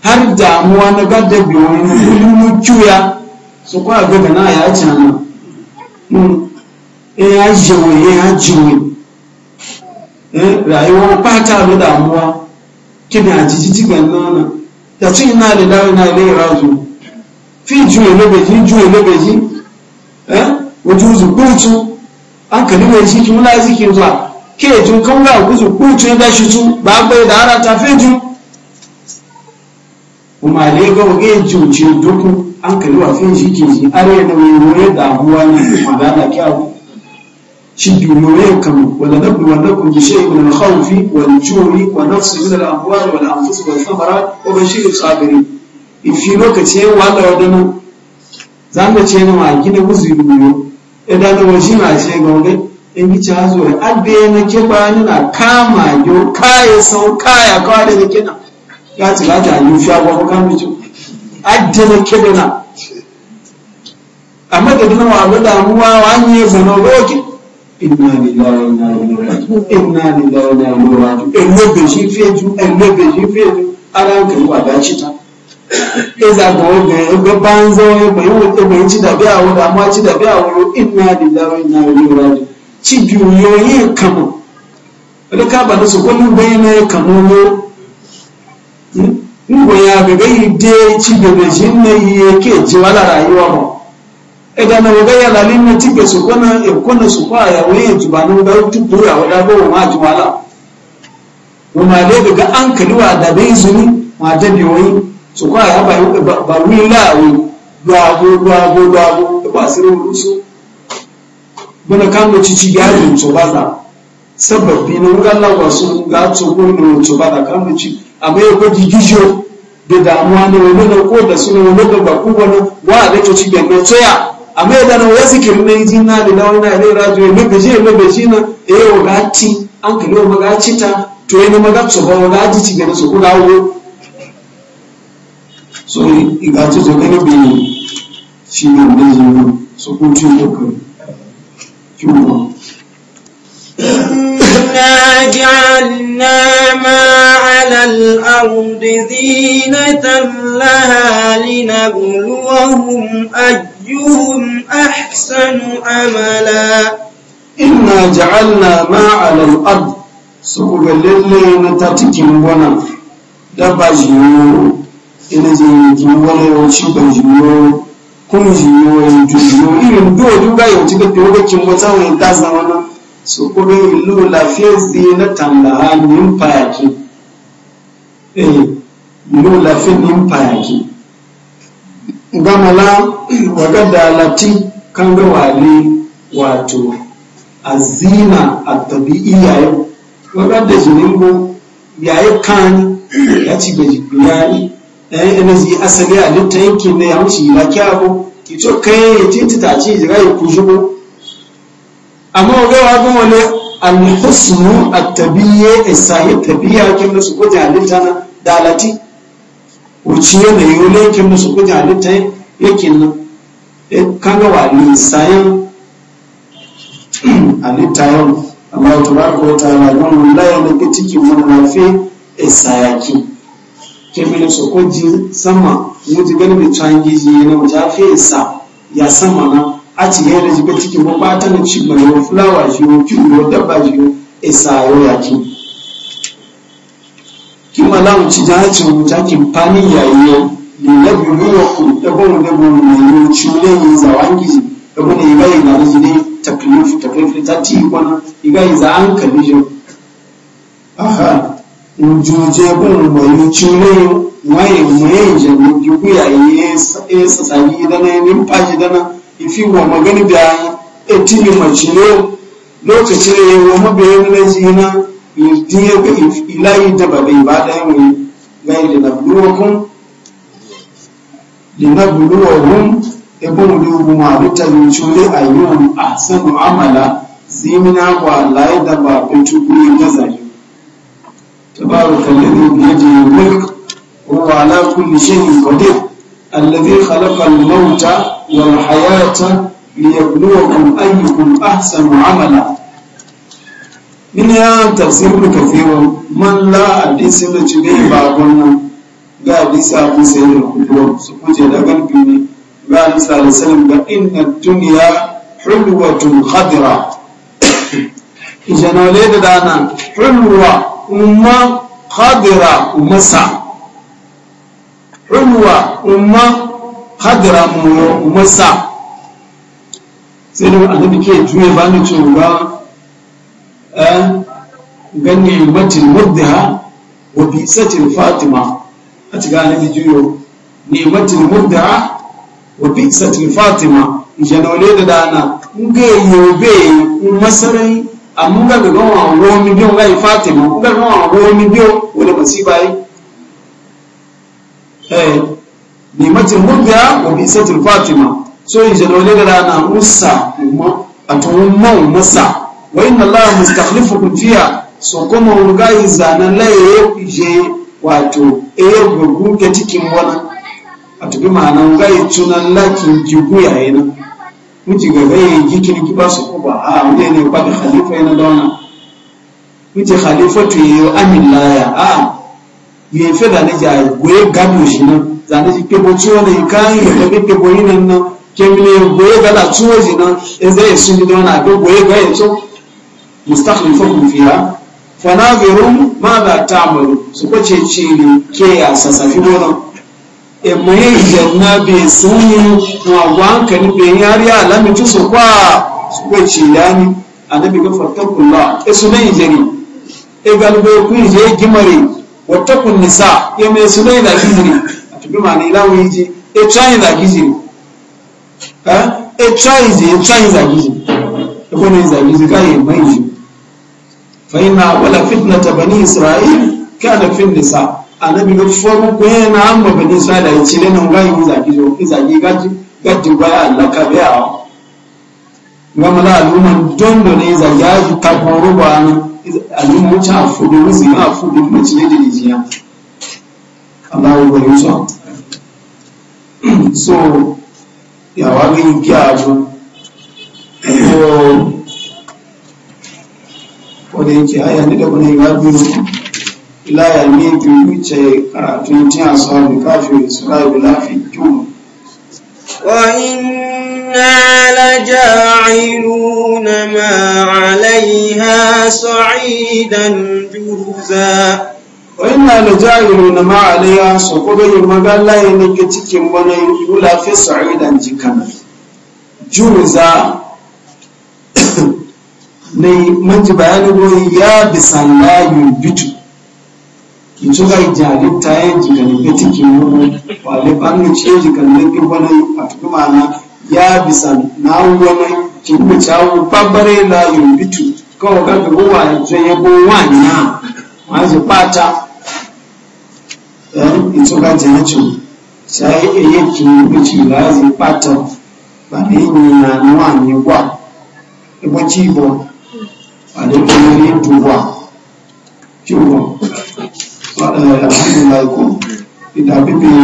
har damuwa na gadda biyu ne kullum juya su kwa gaba na ya ci nan ya jawe ya jiwe eh, rayuwar bata da damuwa kina a jijiji ga nana da tun ina da dawo na yi razo fi juwe lobeji juwe lobeji eh, wajen uzu kurtu an kali mai shi ki mula zikin zuwa ke jun kan ga uzu kurtu ya dashi su ba bai da hara ta fi jun kuma ne ga wage juce duku an kali wa fi shi ke shi are da wani damuwa ne magana kyawu شدوا كم ولنبلونكم بشيء من الخوف والجوع ونقص من الاموال والانفس والثمرات وبشر الصابرين في لوكتي ولا ودنا zanga ce na magi na wuzu biyu idan da waje na ce ga wani in yi ci hazo ya abbe na ke bayani na kama yau kaya sau kaya kawai da nake na ya ci lati a yi fiya ba kan bijo adda na ke da na amma da dina wa abu damuwa zano ga wakil inna lillahi wa inna ilaihi raji'un inna lillahi wa inna ilaihi raji'un enne be shi feju enne be shi feju ara ka ba da ci ta e za ga o be be banzo e be wo e be ci da bi awo da ma ci da bi awo inna lillahi wa inna ilaihi raji'un ci bi yo yi kamo da ka ba da su kullu bayna kamo yo ngo ya be be ide ci be yake ji wala ba idan na waga ya lalin na tike su kona ya kona su kwa ya wani juba na waga tun dora wada ba wa maji wala wa ma dai daga an kaliwa da dai zuni ma ta bi wani su kwa ya ba ba wani la wi dago dago dago ba siru rusu bana kan da cici gari to ba za sababbi na waga Allah ba su ga to ko ne to ba da kan da ci amma ya ko gigijo da damuwa ne wani ko da suna ne wani ba ku wani wa da to ci gari to amma idan na wasu ji na da na wani ne rajuwa na gaji na gaji na ya yi wagaci an kalli wa magaci ta to yana magaci ba wa gaji ci gani su kula wo so yi igatu zo gani bini shi ne wanda ji na su kuntu yi kokari kiwo إنا جعلنا ما على الأرض زينة لها لنبلوهم أجرهم أيهم أحسن أملا إنا جعلنا ما على الأرض سوق الليل نتاتكم ونا دبا جيو إن جيو ونا وشبا جيو kun ya juyo irin duwa duba ya wuce gafe wakacin wata wani tasa wana su kuma ilu lafiyar na tamlaha nimfa yake eh ilu lafiyar nimfa yake gamala wadda latin kan gawa ne wato azina a tabi'iya yau wadda jiningo ya yi kan ya ci gaji biyani ɗayan energy asali a duk ta yanki ne ya wuce ila kyawo ki to kai ya tinti ta ce jira ya ku shigo amma ga wa ga wani al-husnu at-tabiyya isahi tabiya kin su na dalati da yanayi laifin da su kuji halitta yake nan kaga wa nisayen halitta yau Allah ta ba ko ta na don wallahi da ke cikin a sayaki ke mini su ji sama wuji gani da cangiji na majafi isa ya sama na a cikin da jibe cikin mabata na cikin mai fulawa shi yau kiwo dabba e shi yau isa yau yaki láwọn ti já ti wọn já kí n pa ní ìyàyẹ lèlẹ́bí olóyọkù ẹgbọ́n lẹ́gbọ́n lẹ́yìn ojú lẹ́yìn zawangi ẹgbọ́n lẹ́yìn báyìí ìlànà jìnnì tàkìlífù tàkìlífù tàtí ìkọ́nà ìgbà ìzà á ń kàlí jọ. aha ojú ojú ẹgbọ́n lẹ́yìn ojú lẹ́yìn wáyé mọ́yẹ́ ìjẹ̀bù yòókù ìdíyẹ pé ìláyé dábàbẹ̀ ìbádáwò láì lè nàbúlúwọ̀kún lè nàbúlúwọ̀hún ẹgbọ́n olóògùn àríta ní ṣúlé àyíwọ̀n àṣẹ́nu àmàlà sí mínáwà láì dábàbẹ̀ tó gbé mẹ́sàájú tàbárò kàlẹ́dẹ̀ ìgbẹ́jì mẹ́k هو على كل شيء قدير الذي خلق الموت والحياة ليبلوكم أيكم أحسن عملا mini ya tafsir da kafiru man la hadisi da ci bai ba nan ga hadisi abu sai da kuduwa su kuje da garbi ne ga hadisi alisalim ga inna duniya hulwatun khadira ijanole da dana hulwa umma khadira umasa hulwa umma umma umasa sai da annabi ke juye ni cewa ganye matin murdiha wa bisatin fatima a cikin annabi juyo nimatin murdiha wa bisatin fatima janole da dana nga yobe masarai amma nga ga gawa romi biyo nga yi fatima nga ga gawa romi biyo wani masiba yi eh nimatin murdiha wa bisatin fatima so janole da dana musa a tuhumman masa wa inna allaha mustakhlifukum fiha so kuma zana zanen laye je wato eye gugu ke cikin wani a tuki ma'anan gayi tunan lakin jigu yayi nan muci ga gayi gikin ki ba su kuba a wani ne ba da khalifa yana da wani muci khalifa tu yi amin laya a yi fi da ni jayi goye gado shi nan zane shi kebo tuwa ne kayan yi da kebo yi nan nan kemile goye gada tuwa shi nan in zai sun ji da wani abin goye gaya tuwa mustakhlifun fiha fanazirun ma za ta amaru su kwace ce ne ke a sassafi gona e mai janna be sunyi na gwankani be yari alami ci su kwa suko kwace ya ni annabi ga fattakulla e su nan jari e galbe ku je gimare wattakun nisa e mai sunai da gizri a tubi ma ne lawo yiji e tsayin da gizri Ha? e tsayin je tsayin da gizri ibn izagi kai mai fa inna wala fitnata bani isra'il kana fi nisa anabi lo foru yana amma bani israil ya cire nan ga yi zagi zo zagi gaji gaji ba Allah ka ngama la aluman dondo ne zagi aji ka boro ba na alumu fudu musu ya fudu kuma cire da Allah ya bari so so ya wa ga wadda yake ayyani da wani ya biyu ilaya ne biyu ce karatun cin asuwa da kafin isra'i da lafi kyau وإنا لجاعلون ما عليها صعيدا جرزا وإنا لجاعلون ما عليها صعيدا مغالا ينكتك من يولا في صعيدا جكنا جرزا na manji bayani goyi ya bisa layu bitu ki tuka ijali ta yi jikan beti ki nuno wale ban ni ce jikan ne ki wani a tuku maana ya bisa na wani ki kuma cawo babare layu bitu kawo ga dubu wa ya ce ya gowa ni na ma ji bata ɗan ituka jinacin sai eye ki bitu la zi bata ba ne yi na nuwa ne kwa ebo ci bo alaikumuri duba kiwo alhamdulillah ko idan bibi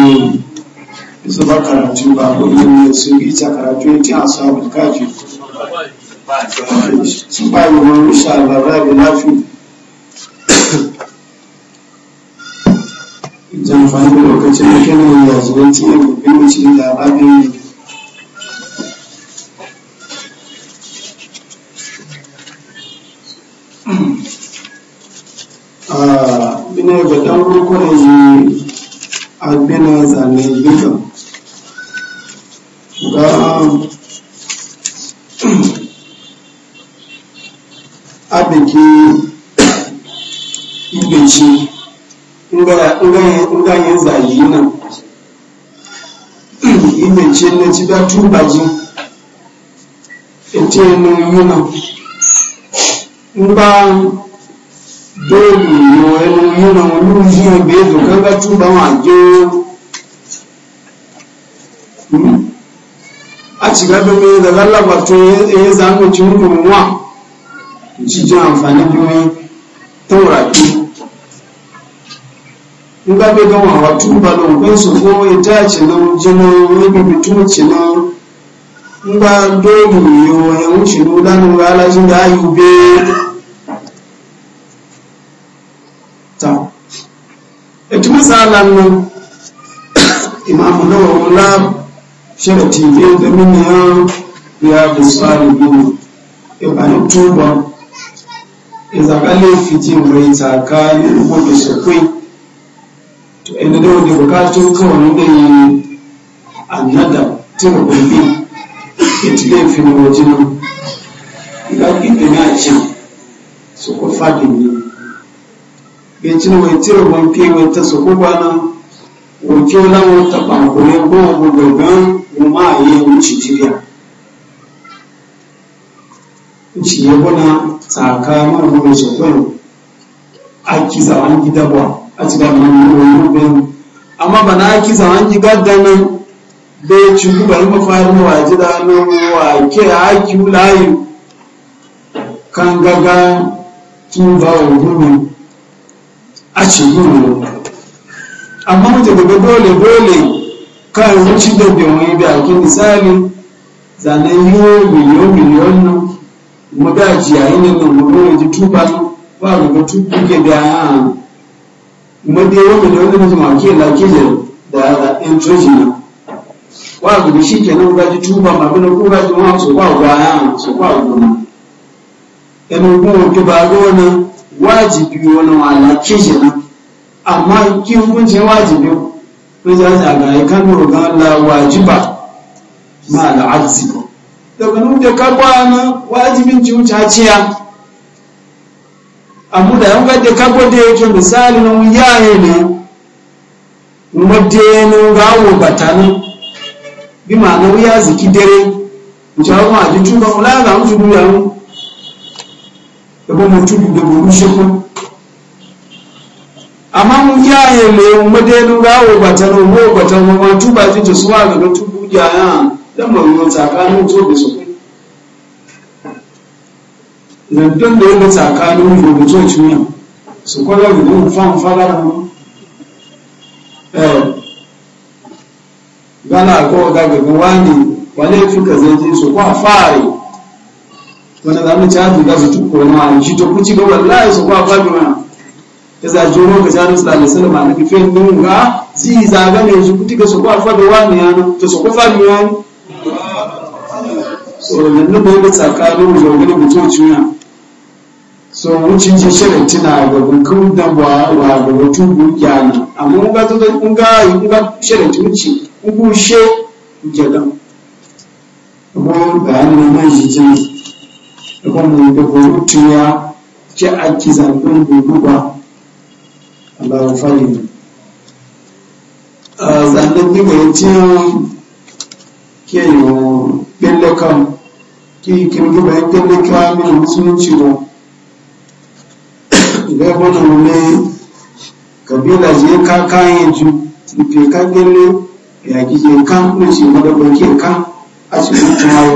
isa ba karatu ba ko yin sun yi ta karatu yin ta asabul kafi sun ba yi wani insha Allah rabi lafi jan fani lokacin da kenan ya wani tiyan babban wuce da rabi ne ga dan rukuna yi albina zane duka ga abinki ibinci ngayen zagi nan ibinci na ci da tubaji ita yi nan yi nan dóòlù ìwọ̀n ẹnu yíra wọn ní ojú ọgbẹ́ ètò kẹ́kẹ́ tún bá wọn àjọ láti gbẹ́gbẹ́ pé dàdá lágbà tó ẹyẹ sàánù tí ó dùn wà jíjẹ àǹfààní bí wọn tó rà bí nígbà pé gbọ́n àwọn tó bá lọ pé sòfò ìdá àjẹnà jẹnà níbi tó jẹnà nígbà dóòlù ìwọ̀n ẹ̀wọ̀n ṣèlú bẹ́ẹ̀. ta ita misalan nan imamu nawa wula sharati ne da miniya ya da tsari goma ya bayan tuba ya zaga laifin mai tsakanin gobe shakwai to inda da wani bukatun kawai da yi annada tuna gobe ya ci laifin wajen ga ƙi da ce su kwa fadin ne bincin wai tiro ban fi wai ta su kuba nan wuce lan wata bankure ko gugagan kuma a yi wuce jiriya wuce ya kuna tsaka mara kuma shekwaro a kiza an gida ba a ci da mani wani bayan amma bana a kiza an gida da nan bai ci guba yi mafarin waje da nan wa ke a kiwu layu kan gaga kin ba wa gudun a ce yi wuro amma mutu daga dole dole kan zuci da da ake misali zanen yiwo miliyon miliyon nan kuma da ji yayin nan nan wuro ji tuba ba ga tuba ke da ya kuma dai yau miliyon nan mutum ake lake da da wa ga shi kenan ga ji tuba ma ga ko ga ji ma su ba ga ya so ba ga nan ba wajibi wani walakin shi nan amma kin kunce wajibi ko za ta ga ya kan roƙa Allah wajiba ma al'ajzi daga nun da kagwa na wajibin ci wuce haciya amma da yan gadda kagwa da yake misali na yaye ne wadda na gawo batanu bi ma na wuya ziki dere mu ci hawa ma ji tuba ula ga mu ci mu. ebe mutum da buru shi ku amma mu yaye le mu de lu rawo mu no mo bata mu ma tu ba ji su wa ga tu bu ya ya da mu mu tsakanin to bi su nan don da yake tsakanin mu da to ci mu su ko ga mu fan fara mu eh gana ko ga ga wani wale fika zai ji su kwa fare wani zamu ci hadu da su tukko na shi to kuci ga wallahi su kwa kwabi mana ta za jo ga jaru sallallahu alaihi wasallam na fe nun ga zi za ga ne su kuti ga su kwa fa da wani ya no to su kwa fa ni ya so nan bai ba tsakanin mu ga ne mutum na so wucin ji shirin tuna ga gunkun da wa wa ga mutum gukiya ne amma mun ga tuka mun ga mun ga shirin tuci mun bushe gukiya da amma bayanin nan shi kuma da hurutuwa ce ake zaɓin guduwa a bayan fahimta a ah, zanen daga yanci ke yiwu ɓillaka ki kirgi bayan ɓillaka mai musulunci ba ga wani wani kabila je ka kayan ju ife ka gelle ya gije kan mace madabar ke kan a cikin tumayo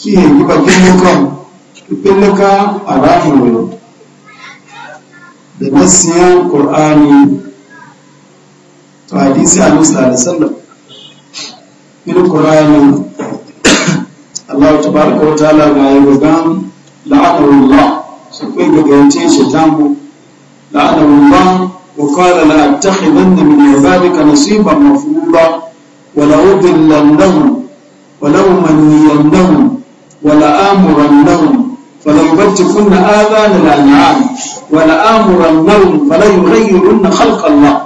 kí èyí bá pínlẹ̀ kan pínlẹ̀ ká aráàlú rẹ̀ da nasiyan ƙur'ani to hadisi a musu da sallam in ƙur'ani Allah ta baraka wa ta'ala ga yi gugan la'anarullah su kai gugance shi tamu la'anarullah wa qala la attakhidanna min ibadika nasiban mafruḍa wa la udillannahum wa la umanniyannahum ولآمرنهم فليبتكن آذان الأنعام ولآمرنهم فليغيرن خلق الله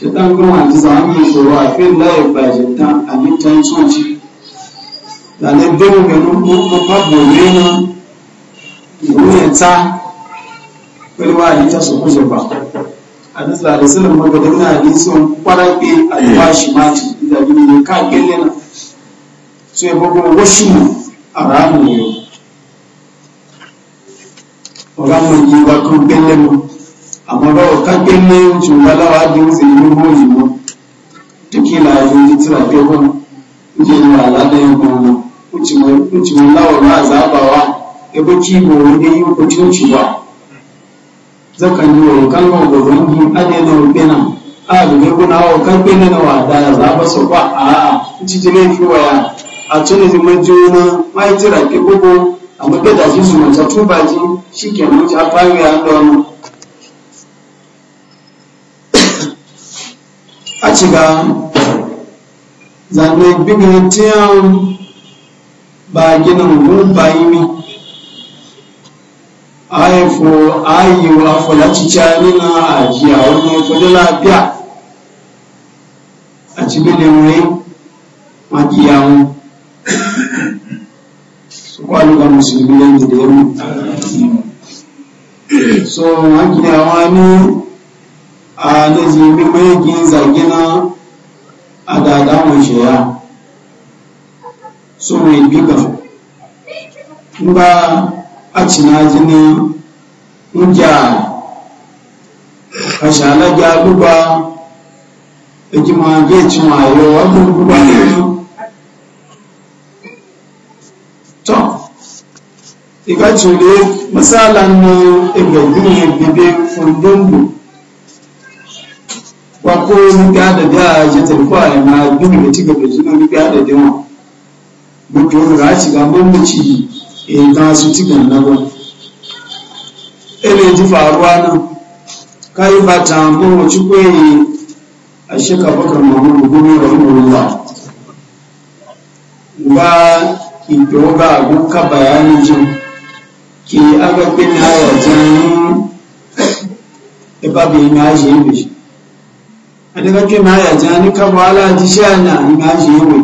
shaitan kuma a ji zama tsoro a fi layi ba jinta a littan tsoci da na biyu ga nufin fagore na wuyanta kwalwa a lita su kuje ba a da tsari silin magadin na hadisun kwarabe albashi mati da gini ne ka gille na ya bugu wasu haramu ne ọ̀gáwọn yìí wá tó gbélé mu àmọ́ báwo ká gbélé oṣù baláwa di oṣù yìí mú òyìnbó dúkìlà yìí tí wà dé wọn ń jẹ ìwà aládé ẹgbọn wọn ó ti ma láwọ náà zábà wá ẹgbẹ kí ìbò wọn dé yí ojú òjì wá zaka yi wa kan wa gozan yi ade na rubena a da wa kan bene na wa da za ba su ba a ci jine fi wa ya a tuni zaman juna mai jira ke gugu a mafi da su mata tuba ji shi ke muke a fari a ɗonu a ciga zane bigin tiyan ba gina mugun bayi mi a haifo a yi wa fulaci canina wani kudi lafiya a cibin da wuri so kwaluka musulmi yanzu da yamma so hankali a ne a na zirgin mayakin zargina a dadamun shiya so mai biga ba a cina jini nja a shana gyaluba da kima gecin yau wadda guba ne ikajule misalan na igagini bebe furdundu ba ko ni gada da ya tarfa ya na gudu da ci gaba jina ni gada da yawa mutu ga ci ga mamaci e ta su ci ganna ba ele ji faruwa nan kai ba ta mu ci koyi a shaka bakar mamu gumi rahimahullah ba ki doga guka bayanin ki aka kina wajen ibabi imaji yiwe adaka ki ma ya jani ka bala ji shana imaji yiwe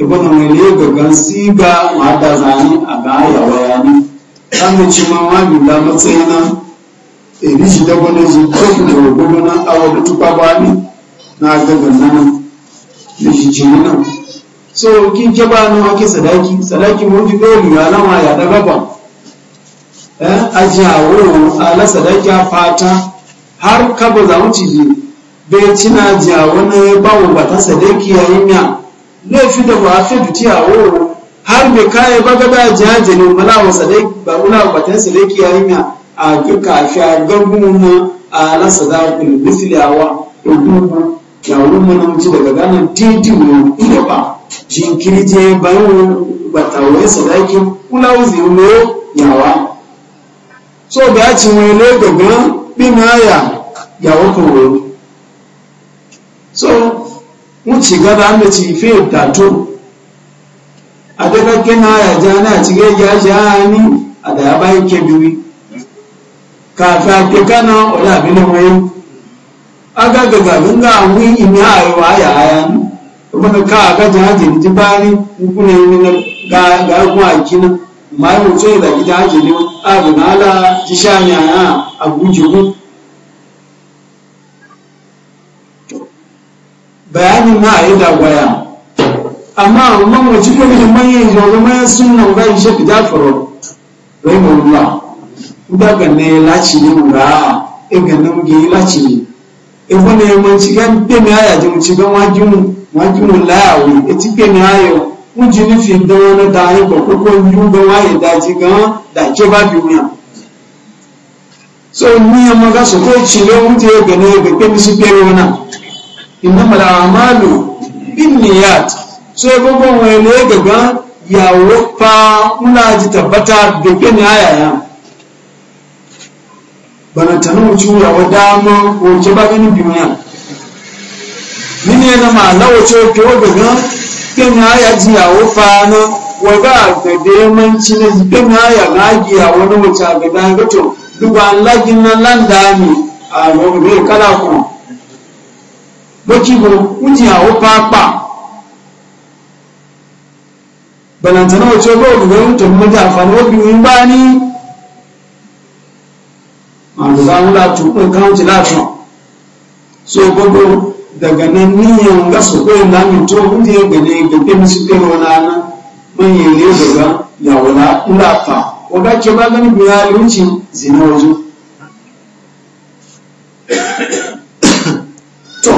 ibo e na wele ga gansi ga mata zani a ga ya wayani kan mu ci ma ma bi da matsayina e bi shi da gona ji ko ku da gona na awa da tuba bani na ga gannan da shi ci nan so kin ke ba na wa ki sadaki sadaki mun ji dole ya lawa ya daga ba jawo eh, a lasa da kya fata har kaba za mu ciji bai cina jawo na ya ba wa bata sadaki yayin ya laifi da ba fi duti a woro har bai kaya ba gada jaje ne malawa sadaki ba mula bata sadaki yayin ya a duka fi a gangun mu a lasa da kun bisliyawa ogun ya wurin mu na mutu daga ganin titi mu ina ba jinkiri je bayan wata wai sadaki kula wuzi mu yawa so bí a ti wọn ilé gbọ̀ngàn bínú àyà yàwó wò so wọn ti gada ń bẹ ti fi ìdàtò adékàkẹ́ náà àyà jẹ́ náà ti gé yá ṣe á ní àdàbà ìkẹbìrì kàfẹ́ náà ọ̀dà àbínú wọn yẹn agagaga nga àwọn ìmì àyọ̀ àyà àyà ní ọmọdé ká àgájà àjẹ̀ ní ti bá rí nkúnlẹ̀ ìrìnà gáàgùn mai hoto da gida ake ne na ala ji sha yaya a gujugu bayanin ma a yi dagwaya amma amma wace ko da manyan yanzu manyan sunan ga ishe da jafaro rai mu ruwa da ganne laci ne mura e ganne mu ge laci ne e wona mun ci gan pe mi aya je mu ci gan waju mu mu e ti pe mi ayo kuji nufi da wani dayi ba kuka yuga waye daji gan da ke ba duniya so ni ya maga su kai cile wuce ya gane ga ke misu fere wana inna mala amalu bin niyat so ya gogon waye ne ga gan ya wofa muna ji tabbata da ke ni aya ya bana tanu jura wa dama ko ke ba gani duniya ni ne na ma lawace ke gan ɗin haya jiyawo fana waga ga demanci na ɗin haya a wani mace ga dagato duk an lagin na landami a yawon kala ku mokibo kujiyawo papa balantana wace ba wa gudanar ta mata amfani wabi yin ba ni ma da zamu latu ɗin kawunci latu so gbogbo daga nan niyan ga su koyi na mito inda ya gane ga bin su kai wala na manyan ne daga ya wala ulafa o ga ke ba gani biya luci zina wajen. to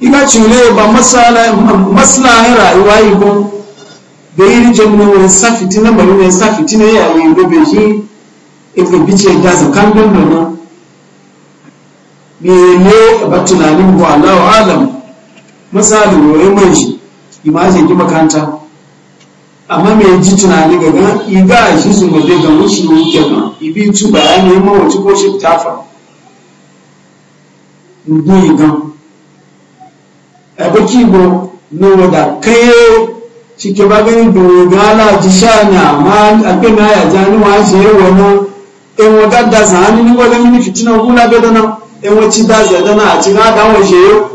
ina cire ba masana ya rayuwa yi ko da yi rijin na wani safiti na bari ne safiti ne ya yi gobe shi ikon bice ga zakan don nan mene ba tunanin ba Allahu alam misalin wani man shi imajin ki makanta amma me ji tunani ga gan iga shi su mutu ga mushi wuke ma ibi tu bayani ma wace ko shi tafa ndu igan abaki go no da kai cike ba gani doga la ji shanya ma akwai na ya jani wa shi yawa e na in wadda da sahani ni wadda mini fitina gula bedana ewaci daji da na ci ga dan waje yau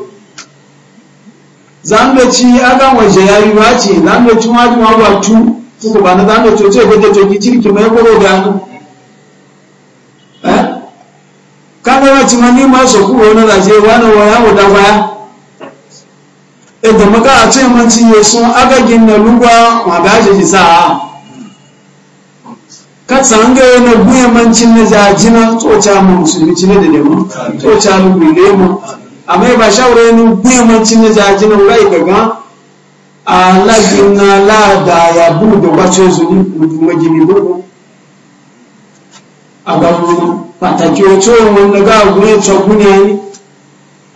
zando ci ya waje yayi wace zando ci ma eh? ma ba tu suka ba na zando to ce gode ma ni ma so ku wani raje wa da baya ya? da maka m ce man ci na ma sa'a katsa an ga yana guyamancin na jajina tsoca ma musulmi cile da lemo tsoca lugu mu amma ba shawara yana guyamancin na jajina wai ga ga lagin na lada ya buru da wace zuri mutu magini buru a gabu pàtàkì ojú òun nígbà ogun ìtọ́gún ní ayé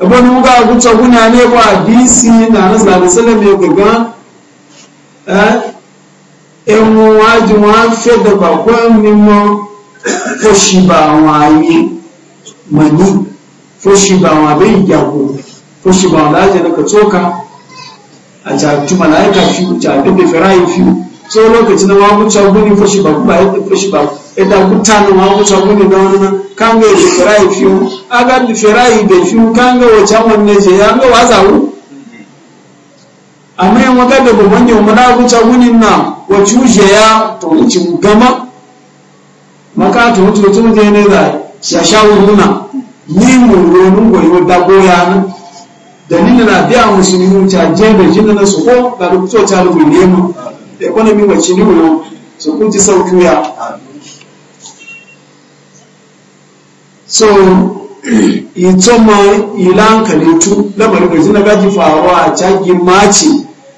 ẹgbọ́n ní nígbà ogun ìtọ́gún ní ayé wà na sí nàánú sàlẹ̀ ga ga ẹ̀wọ̀n wájú wọn á fẹ́ dọ̀gbà kó mímọ́ fóṣìbà àwọn ayé mọ̀ní fóṣìbà àwọn abẹ́ ìyàwó fóṣìbà àwọn láti ẹ̀dọ̀kọ̀ tó ká àjàjú màláìka fi jàdébè fẹ́ràn yìí fi tó lókèjì náà wọn á mútu ọgbọ́n ní fóṣìbà kúbà fóṣìbà amma yin waka da babban yau mana wuce gunin na wacce wuce ya ta wuce gama maka ta wuce wuce wuce ne da shasha wuruna ni murronin goyo da goya nan dalilin na biya musulmi wuce je da jina na su ko da rubuto ta rubu nema da ekonomi wacce ni wuyo su kunci sau ya so itoma yi ne tu lamarin da zina gaji faruwa a cagin macin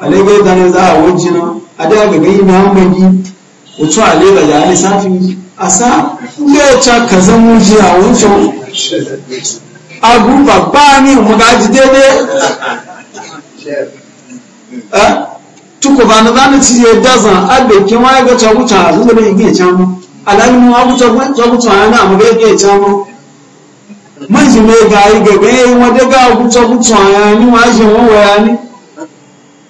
alege dane za a wajina a da ga gai na magi wucu alega ya ne safi asa ne cha kaza mu ji a wucu agu baba ni mu ga ji dede eh tuko ba na zan ci ya dazan abe ma ga ta wuta a zuwa mu alalimu abu ta wuta mu ga ga cha mu ga yi ga ga yi wa daga wuta wuta ya mu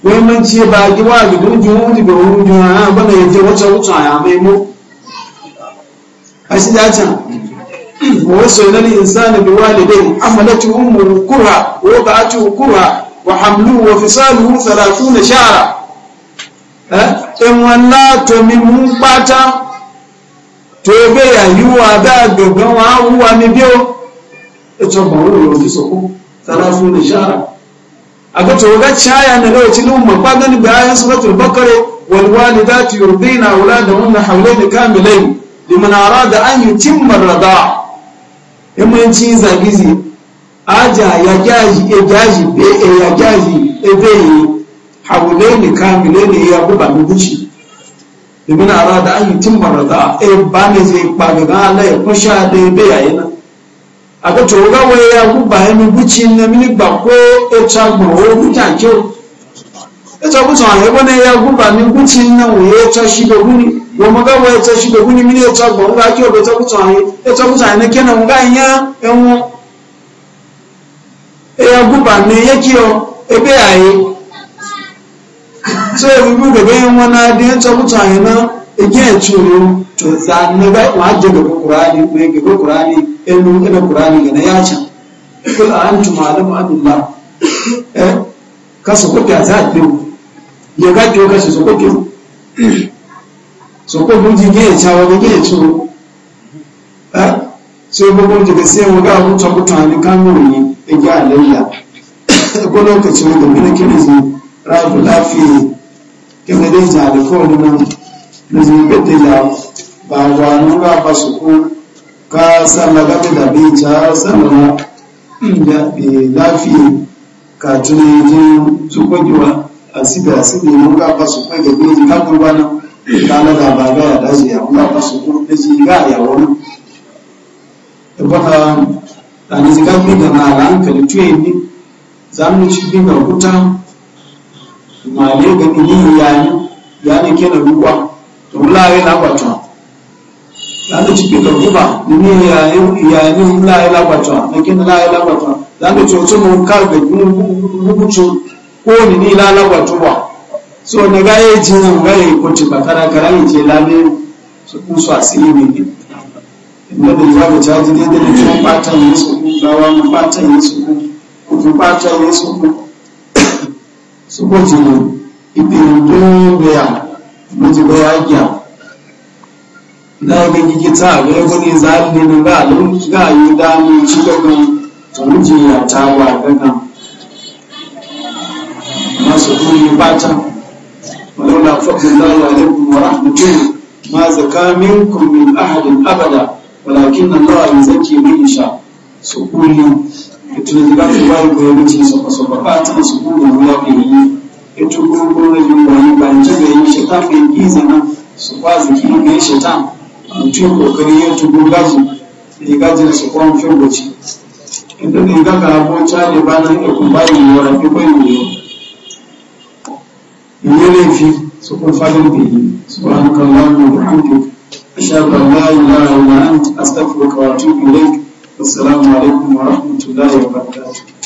muhimmanci ba gi wa gi dun ju mu dibe wu ju ha ba na yaje wata wuta a mai mu ashi da can wa wasaina lil insani bi walidayhi amalatu ummuhu kurha wa ba'atuhu kurha wa hamluhu wa fisaluhu 30 shahra eh in wala to mi mu pata to be ya yuwa da gogan wa huwa mi biyo to ba wu yo so ko 30 shahra aga to ga chaya na lokaci lu mun ba gani bayan suratul bakare wal walidatu yurdina auladahunna hawlayn kamilayn liman arada an yutimma rada yamanci zagizi aja ya gaji e gaji be e ya gaji e da hawlayn ne ya kuba guci liman arada an yutimma rada e ba ne zai ba ga Allah ya kusha da be yayin akoto gawe ya gubahe mi buchi na mini gbako eta gbawo buta e kyo eta e buta ya bone ya guba mi buchi na wo eta shigo guni wo maga wo eta shigo guni mini eta gbawo e. ga kyo beta buta ya eta buta na kena nga nya enwo ya guba mi ya kyo ebe ayi again cewa to za na ga waje gaba kur'ani ko gaba kur'ani in mun kur'ani qur'ani ga na yaci kul antum alam adullah eh kasu ko ta za ta ya ga to kasu so kuke ke so mun ji ge cewa ga ge cewa eh so ko ji ga sai mu ga mun ta mutane kan mun yi in ga alayya ko lokacin da mun kira ji rabu lafiya kemede ko alƙawarin nan lójú pété la bàbá nígbà fásokó ká sábà dákúdà bí ìjà sábà láfi kàtúnú ìjì sókòjì wa àsìbè àsìbè nígbà fásokó ìgbàgbé ìjì kákúrú wa náà kálá da bàbá àdájì àwọn fásokó méjì ìgbà àyàwó náà. ẹ̀gbọ́n ta àdìsíkágbé gàmà àlàǹkàlì tó èmi zamu ci dinga kuta male ga ni yani yana kenan ruwa tòmúláyé lágbàtàn lágbàtì pípẹ̀ púpà nínú ìyàní ńláyé lágbàtàn nìkíni láyé lágbàtàn lágbàtì ọ̀tún mọ̀ káàgbẹ̀ gbúgbútu kó nínú ilá lágbàtàn wà tí ó nẹgá yé jìnnà nǹkan yìí kò tì bàkàràkàrà a mutu ga yakiya na ga kike ta ga ko ni zali ne ga lu ga yi da mu ci ga ya ta wa ga ga masu ku ni bata walaula fadlullahi alaikum wa rahmatuhu ma zaka minkum min ahadin abada walakin Allah yuzaki man yasha so kullu kitu zikatu kwa ko yuti so kwa ba ta so kullu wa bihi ita gurgurar yin wani banci da yin shi tafin giza nan su ba su kiri ga yin shaitan mutum kokari yin tugu gazu ne gaji da su kwan firgoci inda ne ga karabo cale ba nan da kuma yi rafi bai yiwuwa yi laifi su kun fadin biyu su ba hankan lalu da hamdu ashadu allah ilaha illa anta astaghfiruka wa atubu ilaik assalamu alaikum wa rahmatullahi wa barakatuh